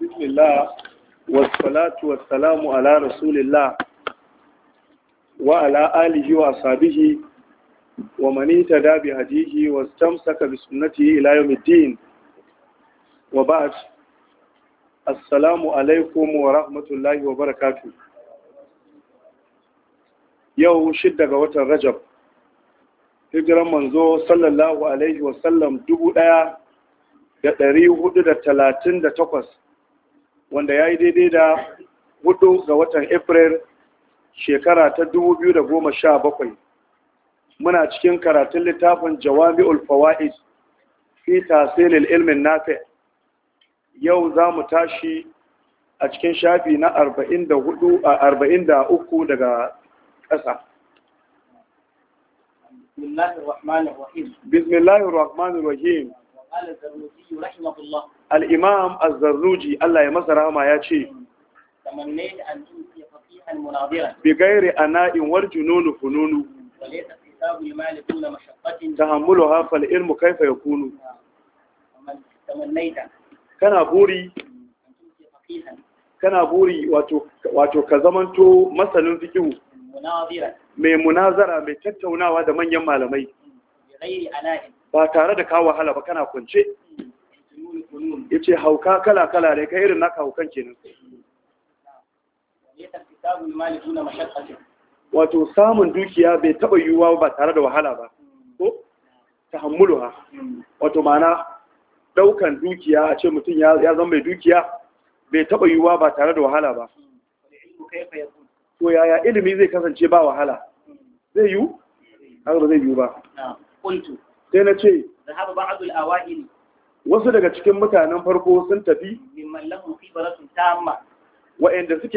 bismillah wassalatu wassalamu ala rasulillah wa ala wa ashabihi wa man ihtada bi hadihi wa istamsaka bi sunnatihi ila yawmiddin alaikum wa rahmatullahi wa yau shidda ga watan rajab hijiran manzo sallallahu alaihi wasallam dubu ɗaya da ɗari hudu da talatin da takwas wanda ya yi daidai da hudu ga watan april shekara ta 2017 muna cikin karatun littafin jawami'ul fawa'id fi tasirin ilmin nafi yau za mu tashi a cikin shafi na 43 daga ƙasa بسم الله الرحمن الرحيم Al'imam al-Zarruji Allah ya masa rama ya ce, Bigairi a na'in warji nunu fununu, ta hamulu hafal ilmu kaifa ya kunu. Kana buri, kana buri wato ka zamanto masanin fikihu, mai munazara mai tattaunawa da manyan malamai. ba tare da kawo wahala ba kana kwance ya ce hauka kala-kala ne ka irin naka haukan kenan wato samun dukiya bai taɓa yiwuwa ba tare da wahala ba ko ta ha? wato mana ɗaukan dukiya a ce mutum ya zama mai dukiya bai taɓa yiwuwa ba tare da wahala ba to yaya ilimi zai kasance ba wahala zai yiwu? har ba zai yiwu ba sai na ce wasu daga cikin mutanen farko sun tafi mimman suke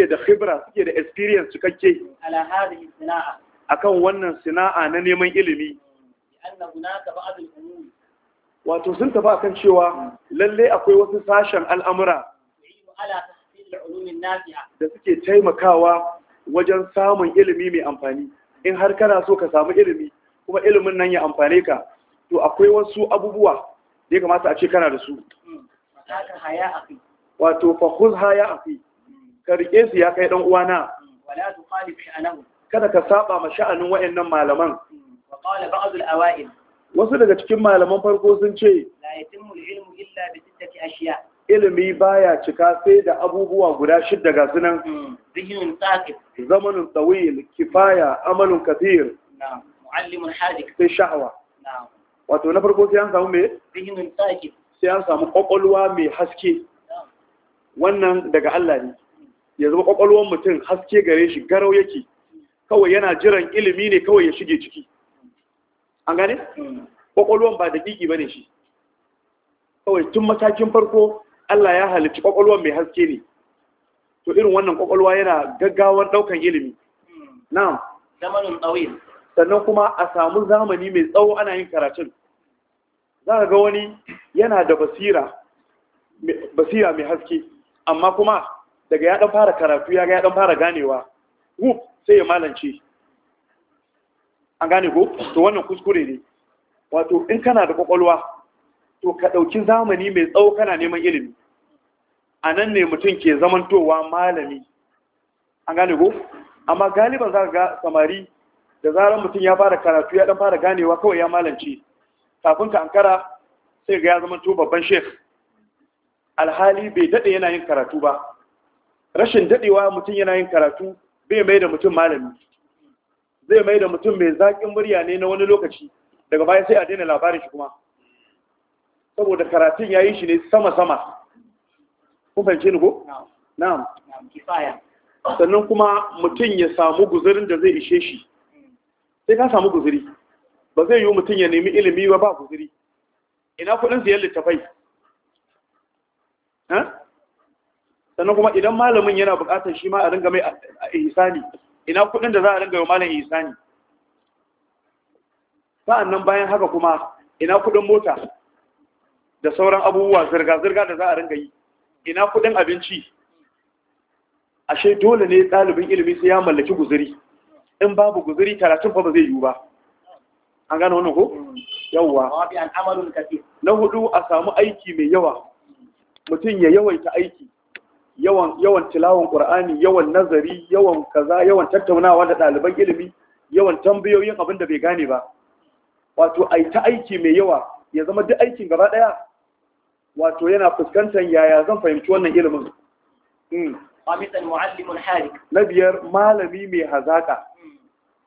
da khibra suke da experience cikakke A kan akan wannan sana'a na neman ilimi wato sun tafi kan cewa lalle akwai wasu sashen al'amura da suke taimakawa wajen samun ilimi mai amfani in har kana so ka samu ilimi kuma ilimin nan ya amfane ka to akwai wasu abubuwa da ya kamata a ce kana da su wato fahuz haya afi ka rike su ya kai dan kada ka saba ma sha'anin wayannan malaman wa wasu daga cikin malaman farko sun ce la ilmu illa ilimi baya cika sai da abubuwa guda shidda ga sunan hmm. zihnun taqif zamanun tawil kifaya amalun kathir na'am sai sha'awa wato na farko sai an samu me sai an samu kwakwalwa mai haske wannan daga Allah ne ya zama kwakwalwar mutum haske gare shi garau yake kawai yana jiran ilimi ne kawai ya shige ciki an gane kwakwalwar ba da ba bane shi kawai tun matakin farko Allah ya halicci kwakwalwar mai haske ne to irin wannan kwakwalwa yana gaggawar daukan ilimi na zamanin tsawil sannan kuma a samu zamani mai tsawo ana yin karatun za ga wani yana da basira mai haske amma kuma daga ya dan fara karatu ya ga ya dan fara ganewa wuf sai ya malance an gane ko to wannan kuskure ne wato in kana da kwakwalwa to ka ɗauki zamani mai tsawo kana neman ilimi a nan ne mutum ke zamantowa malami an gane ko amma galiban za ga samari da zarar mutum ya fara karatu ya dan fara ganewa kawai ya malance kafin ka ankara sai ga ya zama to babban sheikh alhali bai dade yana yin karatu ba rashin dadewa mutum yana yin karatu bai mai da mutum malami zai mai da mutum mai zaƙin murya ne na wani lokaci daga baya sai a daina labarin shi kuma saboda karatun ya yi shi ne sama-sama kun fahimce ni ko? na'am sannan kuma mutum ya samu guzurin da zai ishe shi sai ka samu guzuri ba zai yi mutum ya nemi ilimi ba ba guzuri ina kudin siyan littafai sannan kuma idan malamin yana bukatar shi ma a ringa mai a ihsani ina kudin da za a ringa yi malam ihsani sa'an nan bayan haka kuma ina kudin mota da sauran abubuwa zirga-zirga da za a ringa yi ina kudin abinci ashe dole ne ɗalibin ilimi sai ya mallaki guzuri in babu guzuri karatun fa ba zai yiwu ba an gano wannan ko yawwa na hudu a samu aiki mai yawa mutum ya yawaita aiki yawan yawan tilawan qur'ani yawan nazari yawan kaza yawan tattaunawa da ɗaliban ilimi yawan tambayoyin abin da bai gane ba wato a ta aiki mai yawa ya zama duk aikin gaba ɗaya? wato yana fuskantar yaya zan fahimci wannan ilimin hmm. na biyar malami mai hazaka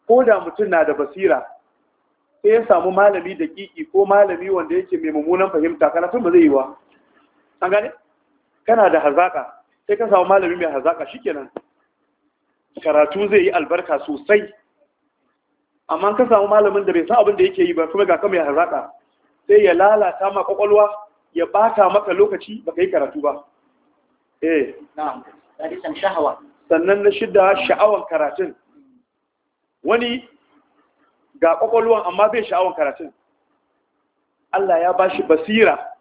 ko da mutum na da basira sai ya samu malami da kiki ko malami wanda yake mai mummunan fahimta karatun ba zai yi ba an gane kana da hazaka sai ka samu malami mai hazaka shikenan karatu zai yi albarka sosai amma ka samu malamin da bai san abin da yake yi ba kuma ga ka mai hazaka sai ya lalata ma kwakwalwa ya bata maka lokaci baka yi karatu ba eh na'am sannan na shidda sha'awan karatun wani ga kwakwalwan amma bai sha'awan karatun Allah ya bashi basira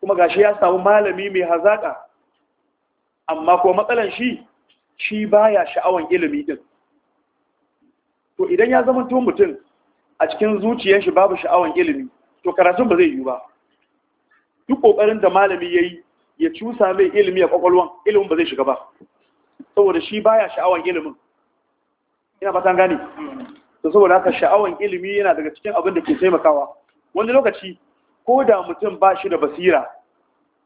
kuma gashi ya samu malami mai hazaka amma kuma matsalan shi shi baya sha'awan ilimi din to idan ya zama tun mutum a cikin zuciyar shi babu sha'awan ilimi to karatun ba zai yi ba duk kokarin da malami yi, ya cusa mai ilimi a kwakwalwan ilimin ba zai shiga ba saboda shi baya sha'awan ilimin ina fatan gane to saboda haka sha'awan ilimi yana daga cikin abin da ke taimakawa wani lokaci ko da mutum ba shi da basira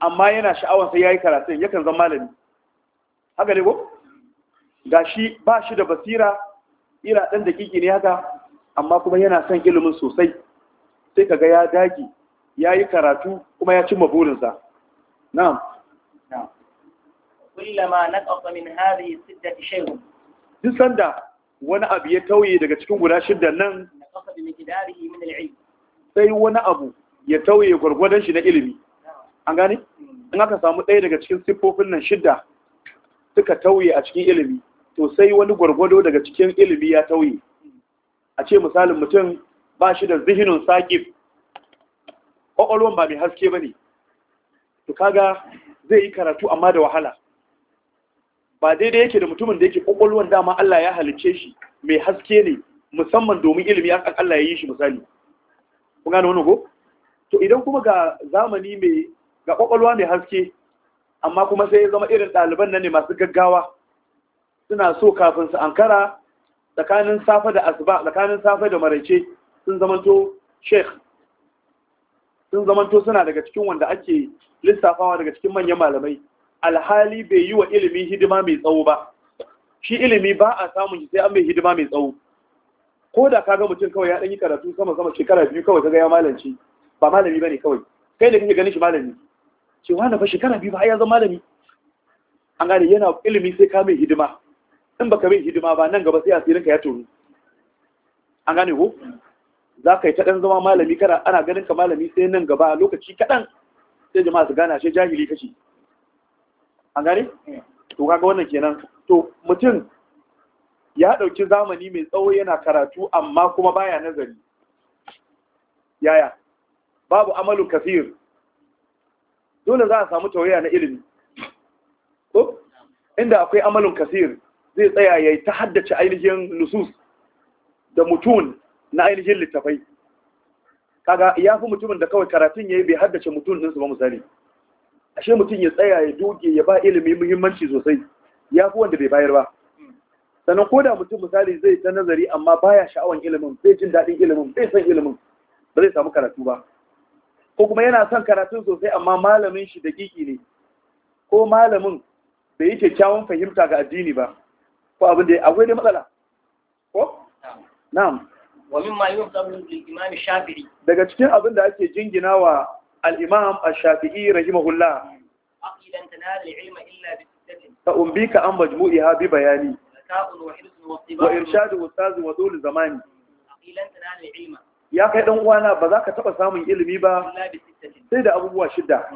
amma yana sha'awan sai yayi ya yakan zama malami haka ne ko ga shi ba shi da basira ira dan dakiki ne haka amma kuma yana son ilimin sosai sai kaga ya dage ya karatu kuma ya cimma burinsa na'am kullama naqasa min hadhihi sittati shay'un duk sanda wani abu ya tauye daga cikin guda shidda nan sai wani abu ya tauye gwargwadon shi na ilimi an gane in aka samu ɗaya daga cikin siffofin nan shidda suka tauye a cikin ilimi to sai wani gwargwado daga cikin ilimi ya tauye a ce misalin mutum ba shi da zihinin saƙif ƙwaƙwalwan ba mai haske ba ne to kaga zai yi karatu amma da wahala ba daidai yake da mutumin da yake kwakwalwan dama Allah ya halice shi mai haske ne musamman domin ilimi ya Allah ya yi shi misali kun gane wani go? to idan kuma ga zamani mai ga kwakwalwa mai haske amma kuma sai ya zama irin ɗaliban nan ne masu gaggawa suna so kafin su ankara tsakanin safa da asuba tsakanin safa da maraice sun zamanto sheikh sun zamanto suna daga cikin wanda ake lissafawa daga cikin manyan malamai alhali bai yi wa ilimi hidima mai tsawo ba shi ilimi ba a samun sai an mai hidima mai tsawo ko da kaga mutum kawai ya yi karatu sama sama shekara biyu kawai kaga ya malanci ba malami bane kawai kai da kake ganin shi malami shi wane fa shekara biyu ba ya zama malami an gane yana ilimi sai ka mai hidima in baka mai hidima ba nan gaba sai asirinka ya turu an gane ko za ka yi ta ɗan zama malami kana ana ganin ka malami sai nan gaba lokaci kaɗan sai jama'a su gana shi jahili kashi an gane to kaga wannan kenan to mutum ya ɗauki zamani mai tsawo yana karatu amma kuma baya nazari yaya babu amalu kafir dole za a samu tawaya na ilimi ko inda akwai amalin kasir zai tsaya ya ta haddace ainihin nusus da mutum na ainihin littafai kaga ya fi mutumin da kawai karatun ya yi bai haddace mutum ɗinsu ba misali ashe mutum ya tsaya ya doge ya ba ilimi muhimmanci sosai ya fi wanda bai bayar ba sannan ko da mutum misali zai ta nazari amma baya sha'awan ilimin bai jin daɗin ilimin bai san ilimin ba zai samu karatu ba ko kuma yana son karatun sosai amma malamin shi dakiki ne ko malamin bai yi kyakkyawan fahimta ga addini ba ko abin da akwai dai matsala ko na'am wa mimma yunqabu lil imam shafi'i daga cikin abin da ake wa al-imam ash-shafi'i rahimahullah aqilan tanal al-ilma illa bi sittatin fa an majmu'iha bi bayani wa irshad ustaz wa dul zamani aqilan tanal al ya kai dan uwana ba za ka taɓa samun ilimi ba sai da abubuwa shida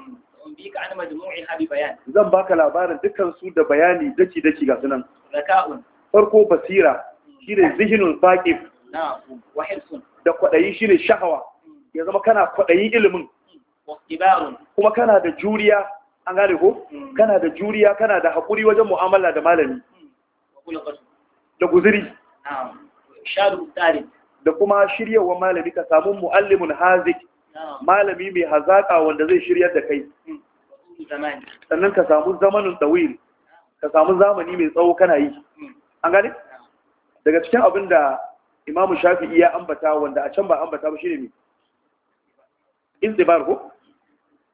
zan baka labarin dukkan da bayani daki daki ga sunan farko basira shi shine zihinul baqif da kwaɗayi shi shine shahawa ya zama kana kwadayin ilimin kuma kana da juriya an gane ko hmm. kana da juriya kana da haƙuri wajen mu'amala da malami hmm. da guziri da kuma shiryawa malami ka samu mu'allimin hazik malami mai hazaƙa wanda zai shiryar da kai hmm. sannan ka samu zamanin tsawil ka samu zamani mai tsawo kana yi an gane daga cikin abin da imamu shafi'i ya ambata wanda a can ba ambata ba shi ne mai izdibar ko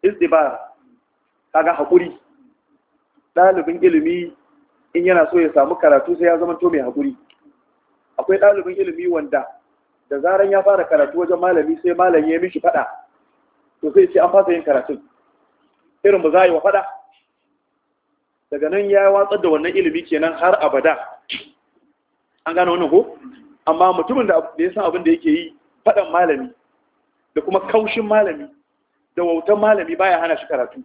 istibar kaga hakuri. ɗalibin ilimi in yana so ya samu karatu sai ya zama to mai haƙuri akwai ɗalibin ilimi wanda da zaran ya fara karatu wajen malami sai malami ya mishi faɗa to sai ce an fasa yin karatun irin ba za yi wa faɗa daga nan ya watsar da wannan ilimi kenan har abada an gane wannan ko amma mutumin da ya san abin da yake yi faɗan malami da kuma kaushin malami da wautan malami baya hana shi karatu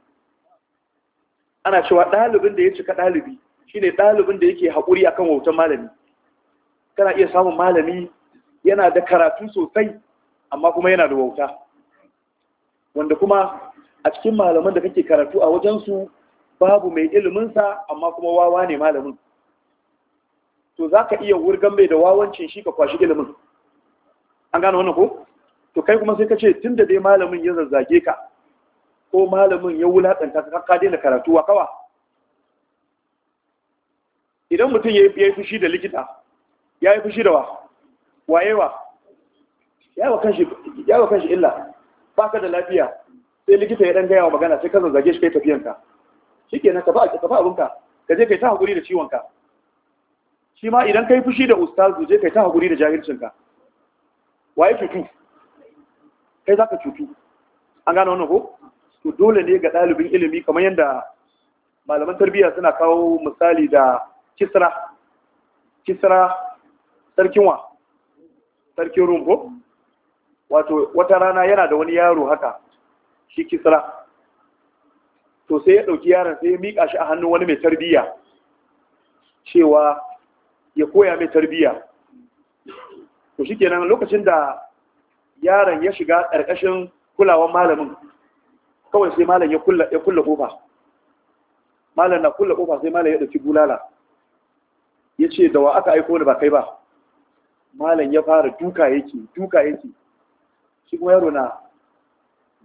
ana cewa ɗalibin da ya cika ɗalibi shine ɗalibin da yake haƙuri akan wautan malami kana iya samun malami yana da karatu sosai amma kuma yana da wauta wanda kuma a cikin malaman da kake karatu a su, babu mai iliminsa amma kuma wawa ne malamin to za ka iya wurgan mai da wawancin shi ka kwashi ilimin an gane wannan ko to kai kuma sai ka ce tun da dai malamin ya zazzage ka ko malamin ya wulatsanta ka ka daina karatu wa kawa idan mutum ya yi fushi da likita ya yi fushi da wa wayewa ya wa kanshi illa ba ka da lafiya sai likita ya dan gaya wa magana sai ka zazzage shi kai tafiyanka shi na ka ba ka abinka ka je kai ta haƙuri da ciwonka shi ma idan ka yi fushi da ustazu je kai ta haƙuri da jahilcinka waye cutu kai za ka cutu an gane wani ko to dole ne ga ɗalibin ilimi kamar yadda malaman tarbiyya suna kawo misali da kisra kisra sarkin wa sarkin rum ko wato wata rana yana da wani yaro haka shi kisra to sai ya ɗauki yaron sai ya miƙa shi a hannun wani mai tarbiyya cewa ya koya mai tarbiyya to shi lokacin da yaron ya shiga ƙarƙashin kulawan malamin kawai sai malam ya kulla ƙofa malam na kulla ƙofa sai malam ya ɗauki bulala ya ce da wa aka aiko ni ba kai ba malam ya fara duka yake duka yake shi kuma yaro na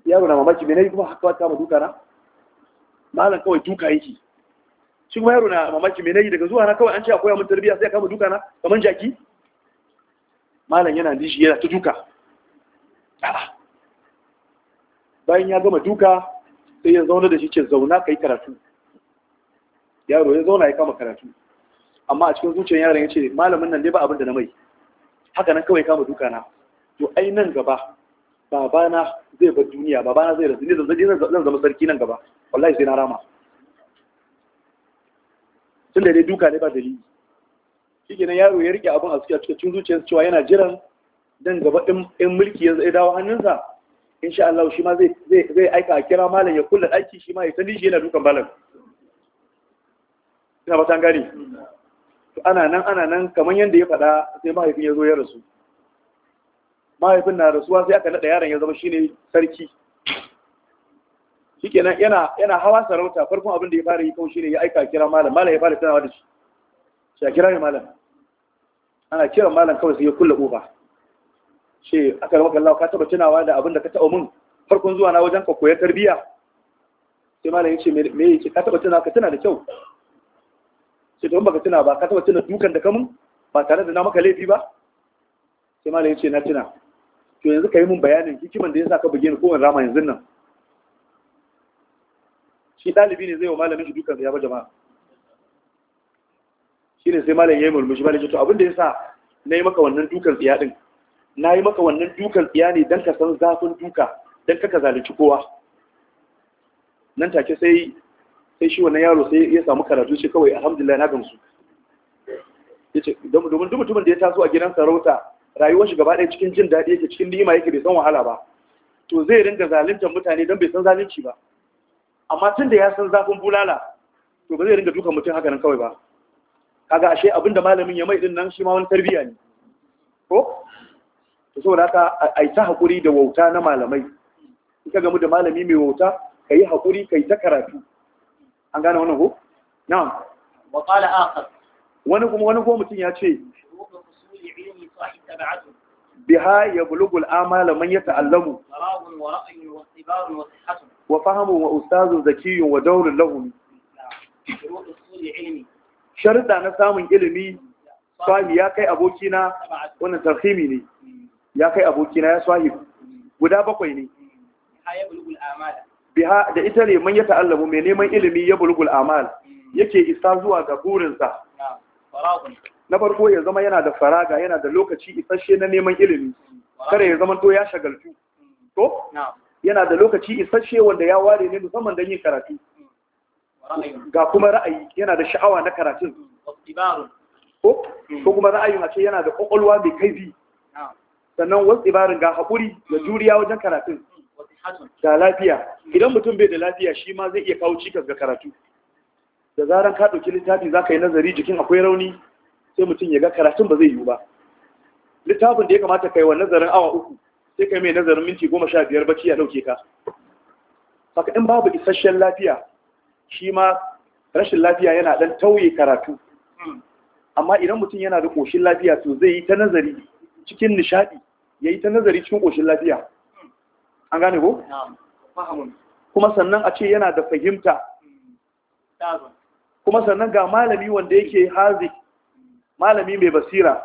yaro na mamaki me yi kuma haka wata ma duka na malam kawai duka yake shi kuma yaro na mamaki me yi daga zuwa na kawai an ce akwai mun tarbiyya sai aka kama duka na Kamar jaki malam yana dishi yana ta duka Ah. bayan ya gama duka sai ya zauna da shi ce zauna ka yi karatu yaro ya zauna ya kama karatu amma a cikin zuciyar yaron ya ce malamin nan dai ba abin da na mai haka nan kawai kama duka na to ai nan gaba babana zai bar duniya babana zai rasu ne zan zama sarki nan gaba wallahi sai na rama tun da dai duka ne ba dalili shi yaro ya rike abin a cikin zuciyar cewa yana jiran dan gaba in mulki ya dawo hannunsa insha Allah shi ma zai aika a kira malam ya kula ɗaki, shi ma ya sani shi yana dukan malam ina ba gani to ana nan ana nan kamar yanda ya faɗa sai mahaifin ya zo ya rasu mahaifin na rasuwa sai aka naɗa yaron ya zama shine sarki shikenan yana yana hawa sarauta farkon abin da ya fara yi kawai shine ya aika kira malam malam ya fara tana da shi shi kira ne malam ana kira malam kawai sai ya kulle kofa ce aka rama kallawa ka taba tunawa da abin da ka taba mun farkon zuwa na wajen ka koya tarbiyya sai malam ya ce me yake ka taba tunawa ka tuna da kyau sai to baka tuna ba ka taba tuna dukan da ka mun ba tare da na maka laifi ba sai malam ya ce na tuna to yanzu ka yi mun bayanin hikiman da ya sa ka buge ni kowane rama yanzu nan shi ɗalibi ne zai wa malamin shi dukan ya ba jama'a shi ne sai malam ya yi murmushi malam ya ce to abin da ya sa na yi maka wannan dukan tsiya ɗin. na yi maka wannan dukan tsiyani ne don ka san zafin duka don ka zalici kowa nan take sai sai shi wannan yaro sai ya samu karatu shi kawai alhamdulillah na gamsu domin duk mutumin da ya taso a gidan sarauta rayuwar shi gaba ɗaya cikin jin daɗi yake cikin nima yake bai san wahala ba to zai ringa zaluntar mutane don bai san zalunci ba amma tun da ya san zafin bulala to ba zai ringa dukan mutum haka nan kawai ba kaga ashe abinda malamin ya mai din nan shi ma wani tarbiyya ne ko to saboda haka ai ta hakuri da wauta na malamai in gamu da malami mai wauta kai hakuri kai ta karatu an gane wannan ko na'am wa qala akhar wani kuma wani ko mutum ya ce biha ya bulugul amala man yata'allamu wa fahimu wa ustazu zakiyun wa dawrun lahum sharuda na samun ilimi sahibi ya kai abokina wannan tarhimi ne ya kai abokina ya swahib guda bakwai ne da ita ne man ya ta'allamu mai neman ilimi ya bulgul amal yake isa zuwa ga burinsa na farko ya zama yana da faraga yana da lokaci isasshe na neman ilimi kada ya zama to ya shagaltu to yana da lokaci isasshe wanda ya ware ne musamman don yin karatu ga kuma ra'ayi yana da sha'awa na karatun hmm. ko kuma ra'ayin a yana da kwakwalwa mai kaifi sannan wasu ibarin ga haƙuri da juriya wajen karatun da lafiya idan mutum bai da lafiya shi ma zai iya kawo cikas ga karatu da zaran ka ɗauki littafi za ka yi nazari jikin akwai rauni sai mutum ya ga karatun ba zai yiwu ba littafin da ya kamata ka yi wa nazarin awa uku sai ka yi mai nazarin minti goma sha biyar bacci ya ɗauke ka haka in babu isasshen lafiya shi ma rashin lafiya yana ɗan tauye karatu hmm. amma idan mutum yana da ƙoshin lafiya to zai yi ta nazari cikin nishadi ya yi ta nazari cikin ƙoshin lafiya an gane ko? kuma sannan a ce yana da fahimta kuma sannan ga malami wanda yake hazi malami mai basira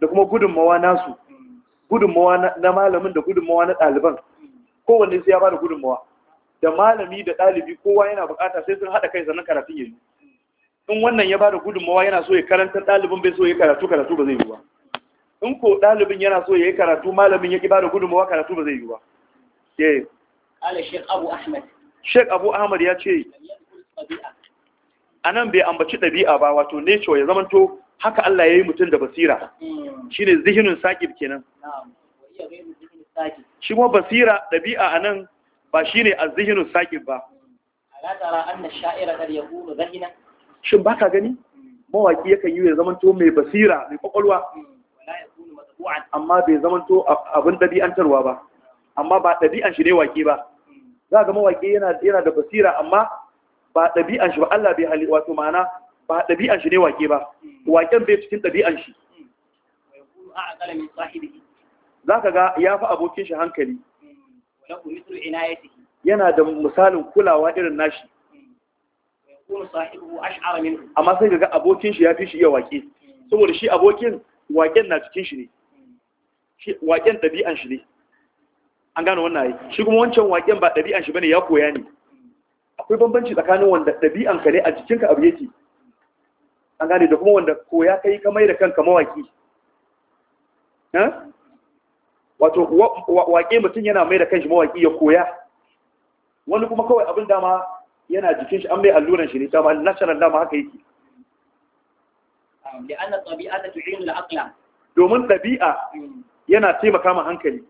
da kuma gudunmawa nasu gudunmawa na malamin da gudunmawa na ɗaliban kowanne sai ya ba da gudunmawa da malami da ɗalibi kowa yana bukata sai sun haɗa kai sannan karatun yanzu in wannan ya ba da gudunmawa yana so ya karanta ɗalibin bai so ya karatu karatu ba zai yi ba in ko ɗalibin yana so ya yi karatu malamin ya ƙi ba da gudunmawa karatu ba zai yi ba Sheikh Abu Ahmad ya ce a nan bai ambaci ɗabi'a ba wato nature ya zamanto haka Allah ya yi mutum da basira hmm. shi ne zihinin saƙib kenan shi kuma basira ɗabi'a a nan ba shi ne a zihinin sakib ba hmm. shin ba ka gani hmm. mawaƙi yakan yi ya zamanto mai basira mai ƙwaƙwalwa amma bai to abin dabi'antarwa ba amma ba ɗabi'an shi ne wake ba za ga wake yana da basira amma ba ɗabi'an shi ba Allah bai hali wato ma'ana ba ɗabi'an shi ne wake ba Waken bai cikin ɗabi'an shi za ka ga ya fi abokin shi hankali yana da misalin kulawa irin nashi amma sai ga abokin shi ya fi shi iya wake. saboda shi abokin waken na cikin shi ne waƙen ɗabi'an shi ne an gano wannan yi shi kuma wancan waƙen ba ɗabi'an shi bane ya koya ne akwai bambanci tsakanin wanda ɗabi'an ka ne a jikinka abu yake an gane da kuma wanda koya ka yi kamar da kanka mawaƙi wato waƙe mutum yana mai da kanshi mawaƙi ya koya wani kuma kawai abin dama yana jikin shi an mai alluran shi ne dama national dama haka yake domin ɗabi'a hmm. yana taimaka ma hankali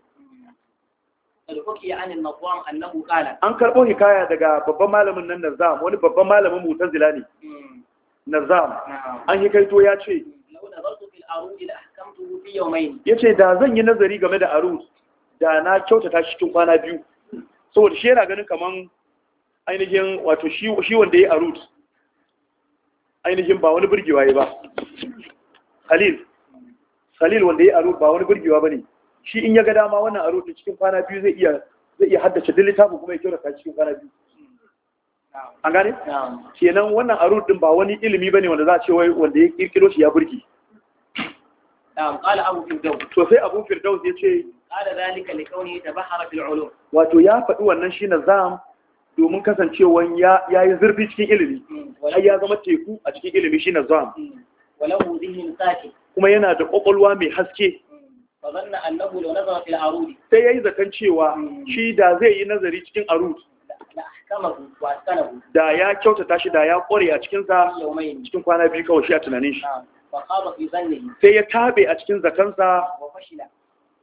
an karɓo hikaya daga babban malamin nan nazam wani babban malamin mutazila ne hmm. nazam an hikaito ya ce ya ce da zan yi nazari game da arus da na kyautata shi cikin kwana biyu saboda shi yana ganin kamar ainihin wato shi wanda ya yi arus ainihin ba wani birgewa ya ba halil khalil wanda ya aro ba wani burgewa bane shi in ya ga dama wannan aro din cikin kwana biyu zai iya zai iya haddace duk ko kuma ya ta cikin kwana biyu an gane kenan wannan aro din ba wani ilimi bane wanda za a ce wai wanda ya kirkiro shi ya burge na'am qala abu firdaus to sai abu firdaus ya ce qala zalika li kauni tabahara fil ulum wato ya faɗi wannan shi nazam domin kasancewan ya yayi zurfi cikin ilimi mm. ai ya zama teku a cikin ilimi shi nazam mm. walahu zihin saki kuma yana da kwakwalwa mai haske sai ya yi zaton cewa hmm. shi da zai yi nazari cikin arud da ya kyautata shi da ya ƙware a cikinsa cikin kwana biyu kawai shi a tunanin shi sai ya taɓe a cikin zakansa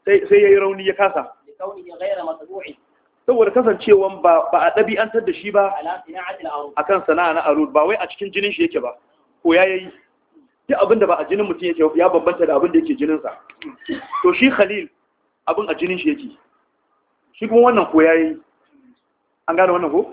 sai ya yi rauni ya kasa saboda kasancewan ba a ɗabi'antar da shi ba a kan sana'a na arud ba wai a cikin jinin shi yake ba ko ya yi duk abin da ba a jinin mutum yake ya bambanta da abin da yake jininsa to shi khalil abin a jinin shi yake shi kuma wannan ko yayi an gane wannan ko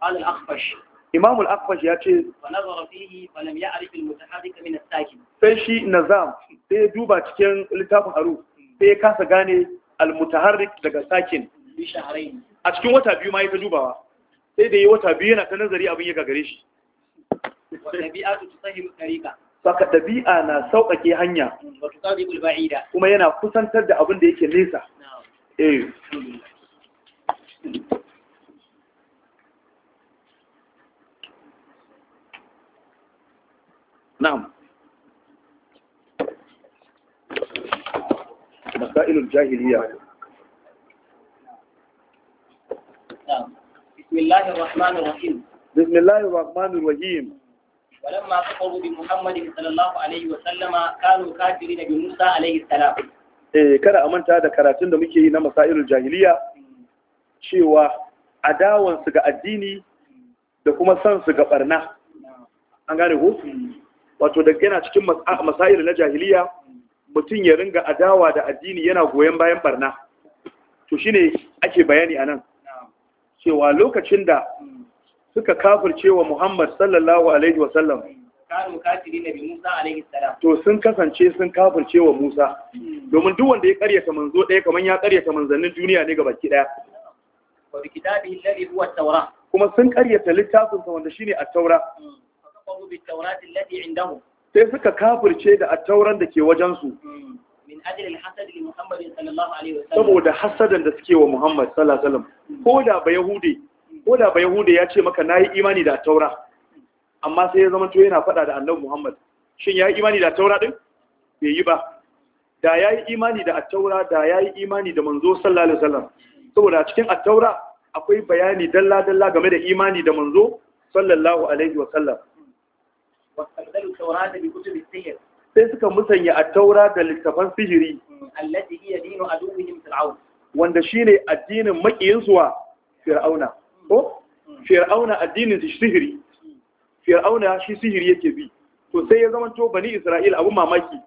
al-akhfash imam al-akhfash ya ce nazara fihi falam ya'rif al-mutaharrik min as-sakin sai shi nazam sai ya duba cikin littafin haru sai ya kasa gane al-mutaharrik daga sakin a cikin wata biyu ma ya ta dubawa sai da yi wata biyu yana ta nazari abin ya gagare shi wa tabi'atu tusahimu tariqa saka ɗabi'a na sauƙaƙe hanya kuma yana kusantar da abin da yake nesa eh na'am masailul jahiliya na'am bismillahir rahmanir rahim bismillahir rahmanir rahim ولما كفروا بمحمد صلى الله عليه وسلم كانوا كافرين بموسى عليه السلام eh kada a manta da karatun da muke yi na masailul jahiliya cewa su ga addini da kuma san su ga barna an gane ko wato da yana cikin masailul na jahiliya mutum ya ringa adawa da addini yana goyon bayan barna to shine ake bayani anan cewa lokacin da hmm. suka kafirce wa Muhammad sallallahu alaihi wasallam kanu na bi Musa alaihi salam to sun kasance sun kafirce wa Musa domin duk wanda ya karyata manzo ɗaya kaman ya karyata manzannin duniya ne gabaki ɗaya wa bi kitabihi alladhi huwa at-taura kuma sun karyata littafin sa wanda shine at-taura hmm. kafaru bi at-taurati allati indahum sai suka kafirce da at-tauran da ke wajen su hmm. min ajli al-hasad li Muhammad sallallahu alaihi wasallam saboda hasadan da suke wa Muhammad sallallahu alaihi wasallam ko da ba yahudi ko da ba yahuda ya ce maka nayi imani da taura amma sai ya zama to yana faɗa da annabi muhammad shin ya yi imani da taura din bai yi ba da ya yi imani da attaura da ya yi imani da manzo sallallahu alaihi wasallam saboda cikin attaura akwai bayani dalla dalla game da imani da manzo sallallahu alaihi wasallam sai suka musanya attaura da littafan sihiri allati hiya dinu wanda shine addinin makiyinsu wa fir'auna ko fir'auna addinin shi sihiri fir'auna shi sihiri yake bi to sai ya zama to bani isra'il abu mamaki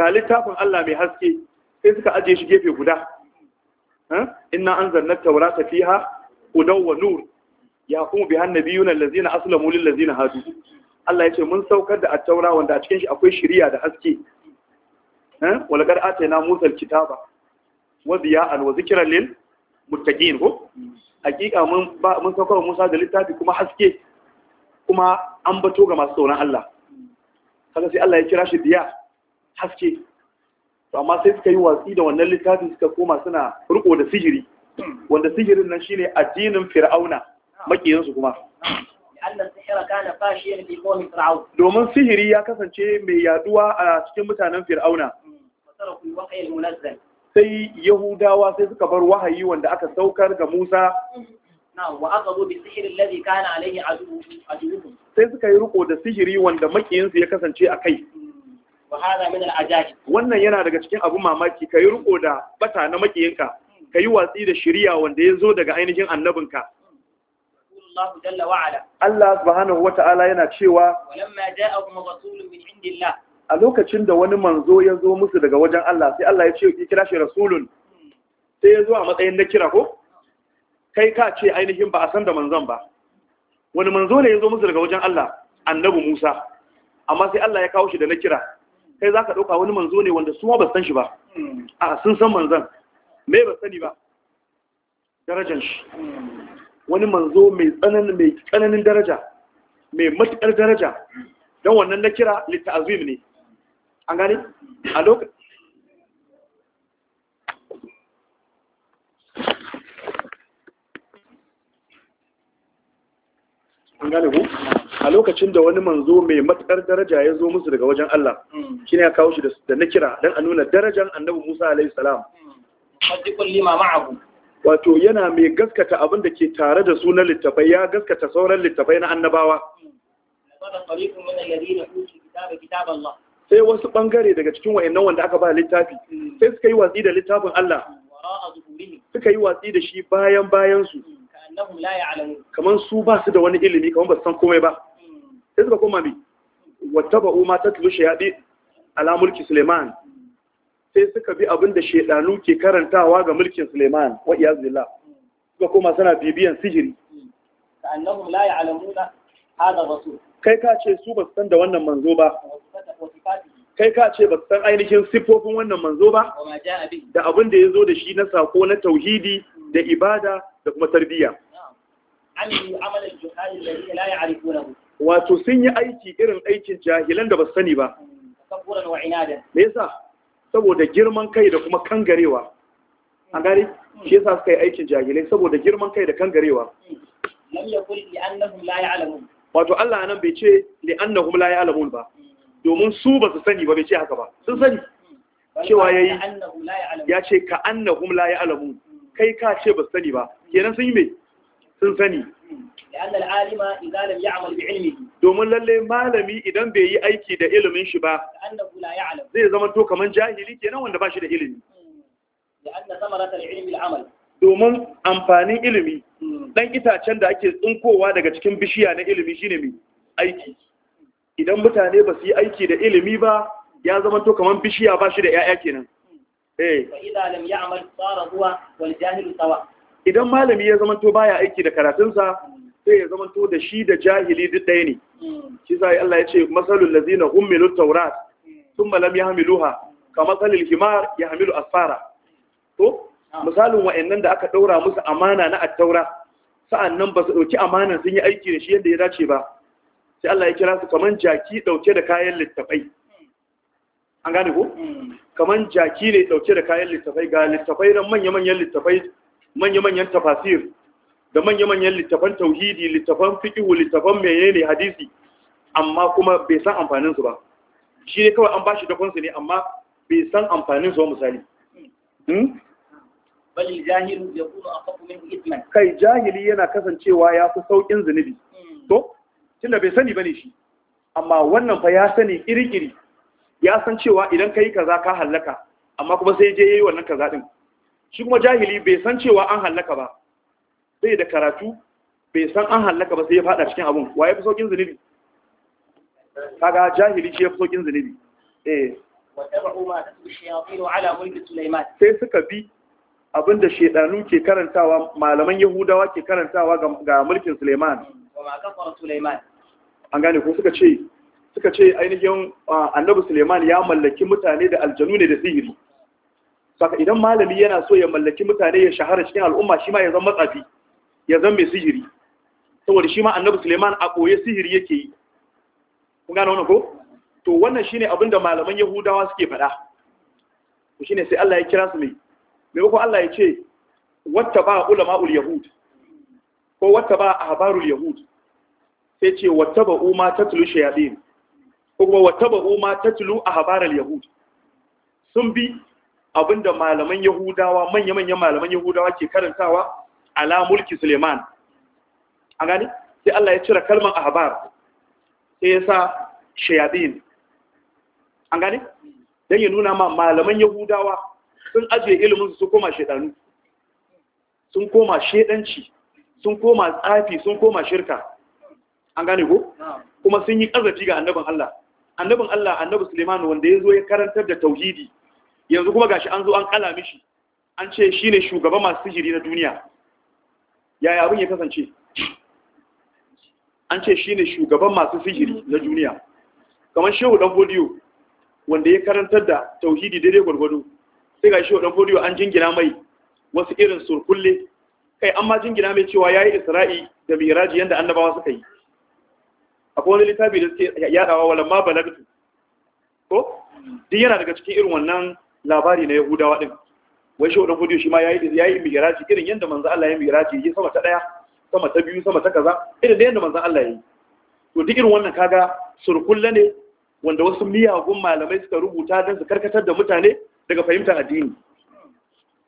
ga littafin Allah mai haske sai suka aje shi gefe guda inna anzalna tawrata fiha hudaw wa nur yaqum bi annabiyuna allazina aslamu lil ladina hadu Allah ya ce mun saukar da at-taura wanda a cikin shi akwai shari'a da haske wala qad atayna musa al-kitaba wa diya'an wa zikran lil muttaqin hakika mun mun saukar Musa da littafi kuma haske kuma an bato ga masu tsoron Allah kaga sai Allah ya kira shi biya, haske to amma sai suka yi watsi da wannan littafin suka koma suna riko da sihiri wanda sihirin nan shine addinin fir'auna makiyin su kuma domin sihiri ya kasance mai yaduwa a cikin mutanen fir'auna hmm. sai yahudawa sai suka bar wahayi wanda aka saukar ga Musa sai suka yi riko da sihiri wanda makiyinsu ya kasance a kai wannan yana daga cikin abu mamaki ka yi riko da bata na makiyinka ka yi watsi da shirya wanda ya zo daga ainihin annabinka Allah subhanahu wa ta'ala yana cewa a lokacin da wani manzo ya zo musu daga wajen Allah sai Allah ya ce ya kira shi rasulun sai ya zo a matsayin na kira ko kai ka ce ainihin ba a san da manzon ba wani manzo ne ya zo musu daga wajen Allah annabi Musa amma sai Allah ya kawo shi da na kira kai zaka dauka wani manzo ne wanda su ba san shi ba a sun san manzon me ba sani ba darajar shi wani manzo mai tsananin mai tsananin daraja mai matukar daraja dan wannan na kira litazim ne an gani a lokacin ku a lokacin da wani manzo mai matsar daraja ya zo musu daga wajen Allah hmm. ne ya kawo shi da na kira don a nuna darajar annabu Musa alaihi salam hmm. wato yana mai gaskata abin da ke tare da sunan littafai ya gaskata sauran littafai na annabawa hmm. sai wasu bangare daga cikin nan wanda aka ba littafi mm. sai suka yi watsi da littafin Allah mm. suka yi watsi da shi bayan bayan su mm. kaman su ba su da wani ilimi kaman ba su san komai ba sai suka koma mi wattaba'u ma tatlu shayadi ala mulki Suleiman sai suka bi abin da shaidanu ke karantawa ga mulkin Suleiman wa iya billah suka koma suna bibiyan sihiri kai ka ce su ba su san da wannan manzo ba kai ka ce ba san ainihin siffofin wannan manzo ba da abin da ya zo da shi na sako na tauhidi da ibada da kuma tarbiyya wato sun yi aiki irin aikin jahilan da ba sani ba me yasa saboda girman kai da kuma kangarewa a gari hmm. shi yasa suka yi aikin jahilai saboda girman kai da kangarewa hmm. wato Allah nan bai ce li'annahum la ya'lamun ba hmm. domin su ba su sani ba bai ce haka ba sun sani cewa ya yi ya ce ka annahum laye alamu kai ka ce ba su sani ba kenan sun yi mai sun sani domin lalle malami idan bai yi aiki da ilimin shi ba zai zama to kamar jahili kenan wanda ba shi da ilimi hmm. domin amfanin ilimi dan hmm. itacen da ake tsinkowa daga cikin bishiya na ilimi shine mai aiki idan mutane ba su yi aiki da ilimi ba ya zama to kamar bishiya ba shi da 'ya'ya kenan eh. idan malami ya zama to baya aiki da karatunsa sai ya zama to da shi da jahili duk ɗaya ne shi sai Allah ya ce masalul ladina ummilu tawrat thumma lam yahmiluha Salil himar yahmilu asfara to ah. misalin wa'annan da aka daura musu amana na at-taura sa'annan ba su dauki amanan sun yi aiki da shi yadda ya dace ba sai Allah ya kira su kaman jaki dauke da kayan littafai an gane ko kaman jaki ne dauke da kayan littafai ga littafai ran manya-manyan littafai manya-manyan tafasir da manya-manyan littafan tauhidi littafan fiqhu littafan menene hadisi amma kuma bai san amfanin su ba shi ne kawai an bashi dakon su ne amma bai san amfanin su ba misali hmm? kai jahili yana kasancewa ya fi saukin zunubi hmm. to tunda bai sani bane shi amma wannan fa ya sani irikiri ya san cewa idan kai kaza ka hallaka amma kuma sai je yayi wannan kaza din shi kuma jahili bai san cewa an hallaka ba sai da karatu bai san an hallaka ba sai ya fada cikin abun waye fi sokin zunubi kaga jahili shi ya fi sokin zunubi eh sai suka bi abinda shedanu ke karantawa malaman yahudawa ke karantawa ga mulkin suleiman an gane ko suka ce suka ce ainihin annabi suleiman ya mallaki mutane da aljanu ne da sihiri saka idan malami yana so ya mallaki mutane ya shahara cikin al'umma shi ma ya zama matsafi ya zama mai sihiri saboda shi ma annabi suleiman a koye sihiri yake yi kun gane wannan ko to wannan shine abin da malaman yahudawa suke faɗa to shine sai Allah ya kira su ne me ko Allah ya ce wattaba ul yahud ko wattaba ahbarul yahud sai ce wattaba umma tatlu shayatin ko kuma ma ta tulu a habarar yahud sun bi abinda malaman yahudawa manya-manyan malaman yahudawa ke karantawa ala mulki suleiman a gani sai Allah ya cire kalmar habar sai ya sa shayadin A gani don ya nuna ma malaman yahudawa sun ajiye ilimin su koma shaidanu sun koma shaidanci sun koma tsafi sun koma shirka an gane ko kuma sun yi ƙazafi ga annabin Allah annabin Allah annabi Suleiman wanda ya zo ya karantar da tauhidi yanzu kuma gashi an zo an kala mishi an ce shine shugaba masu sihiri na duniya yaya abin ya kasance an ce shine shugaban masu sihiri na duniya kamar shehu dan bodiyo wanda ya karantar da tauhidi daidai gwargwado sai ga shehu dan bodiyo an jingina mai wasu irin surkulle kai amma jingina mai cewa yayi isra'i da miraji yanda annabawa suka yi akwai wani littafi da suke yadawa wala ma balagtu ko din yana daga cikin irin wannan labari na yahudawa din wai shi wadannan shi ma yayi yayi migiraji irin yanda manzo Allah ya migiraji yi sama ta daya sama ta biyu sama ta kaza irin da yanda manzo Allah yayi to duk irin wannan kaga surkulla ne wanda wasu miyagun malamai suka rubuta don su karkatar da mutane daga fahimtar addini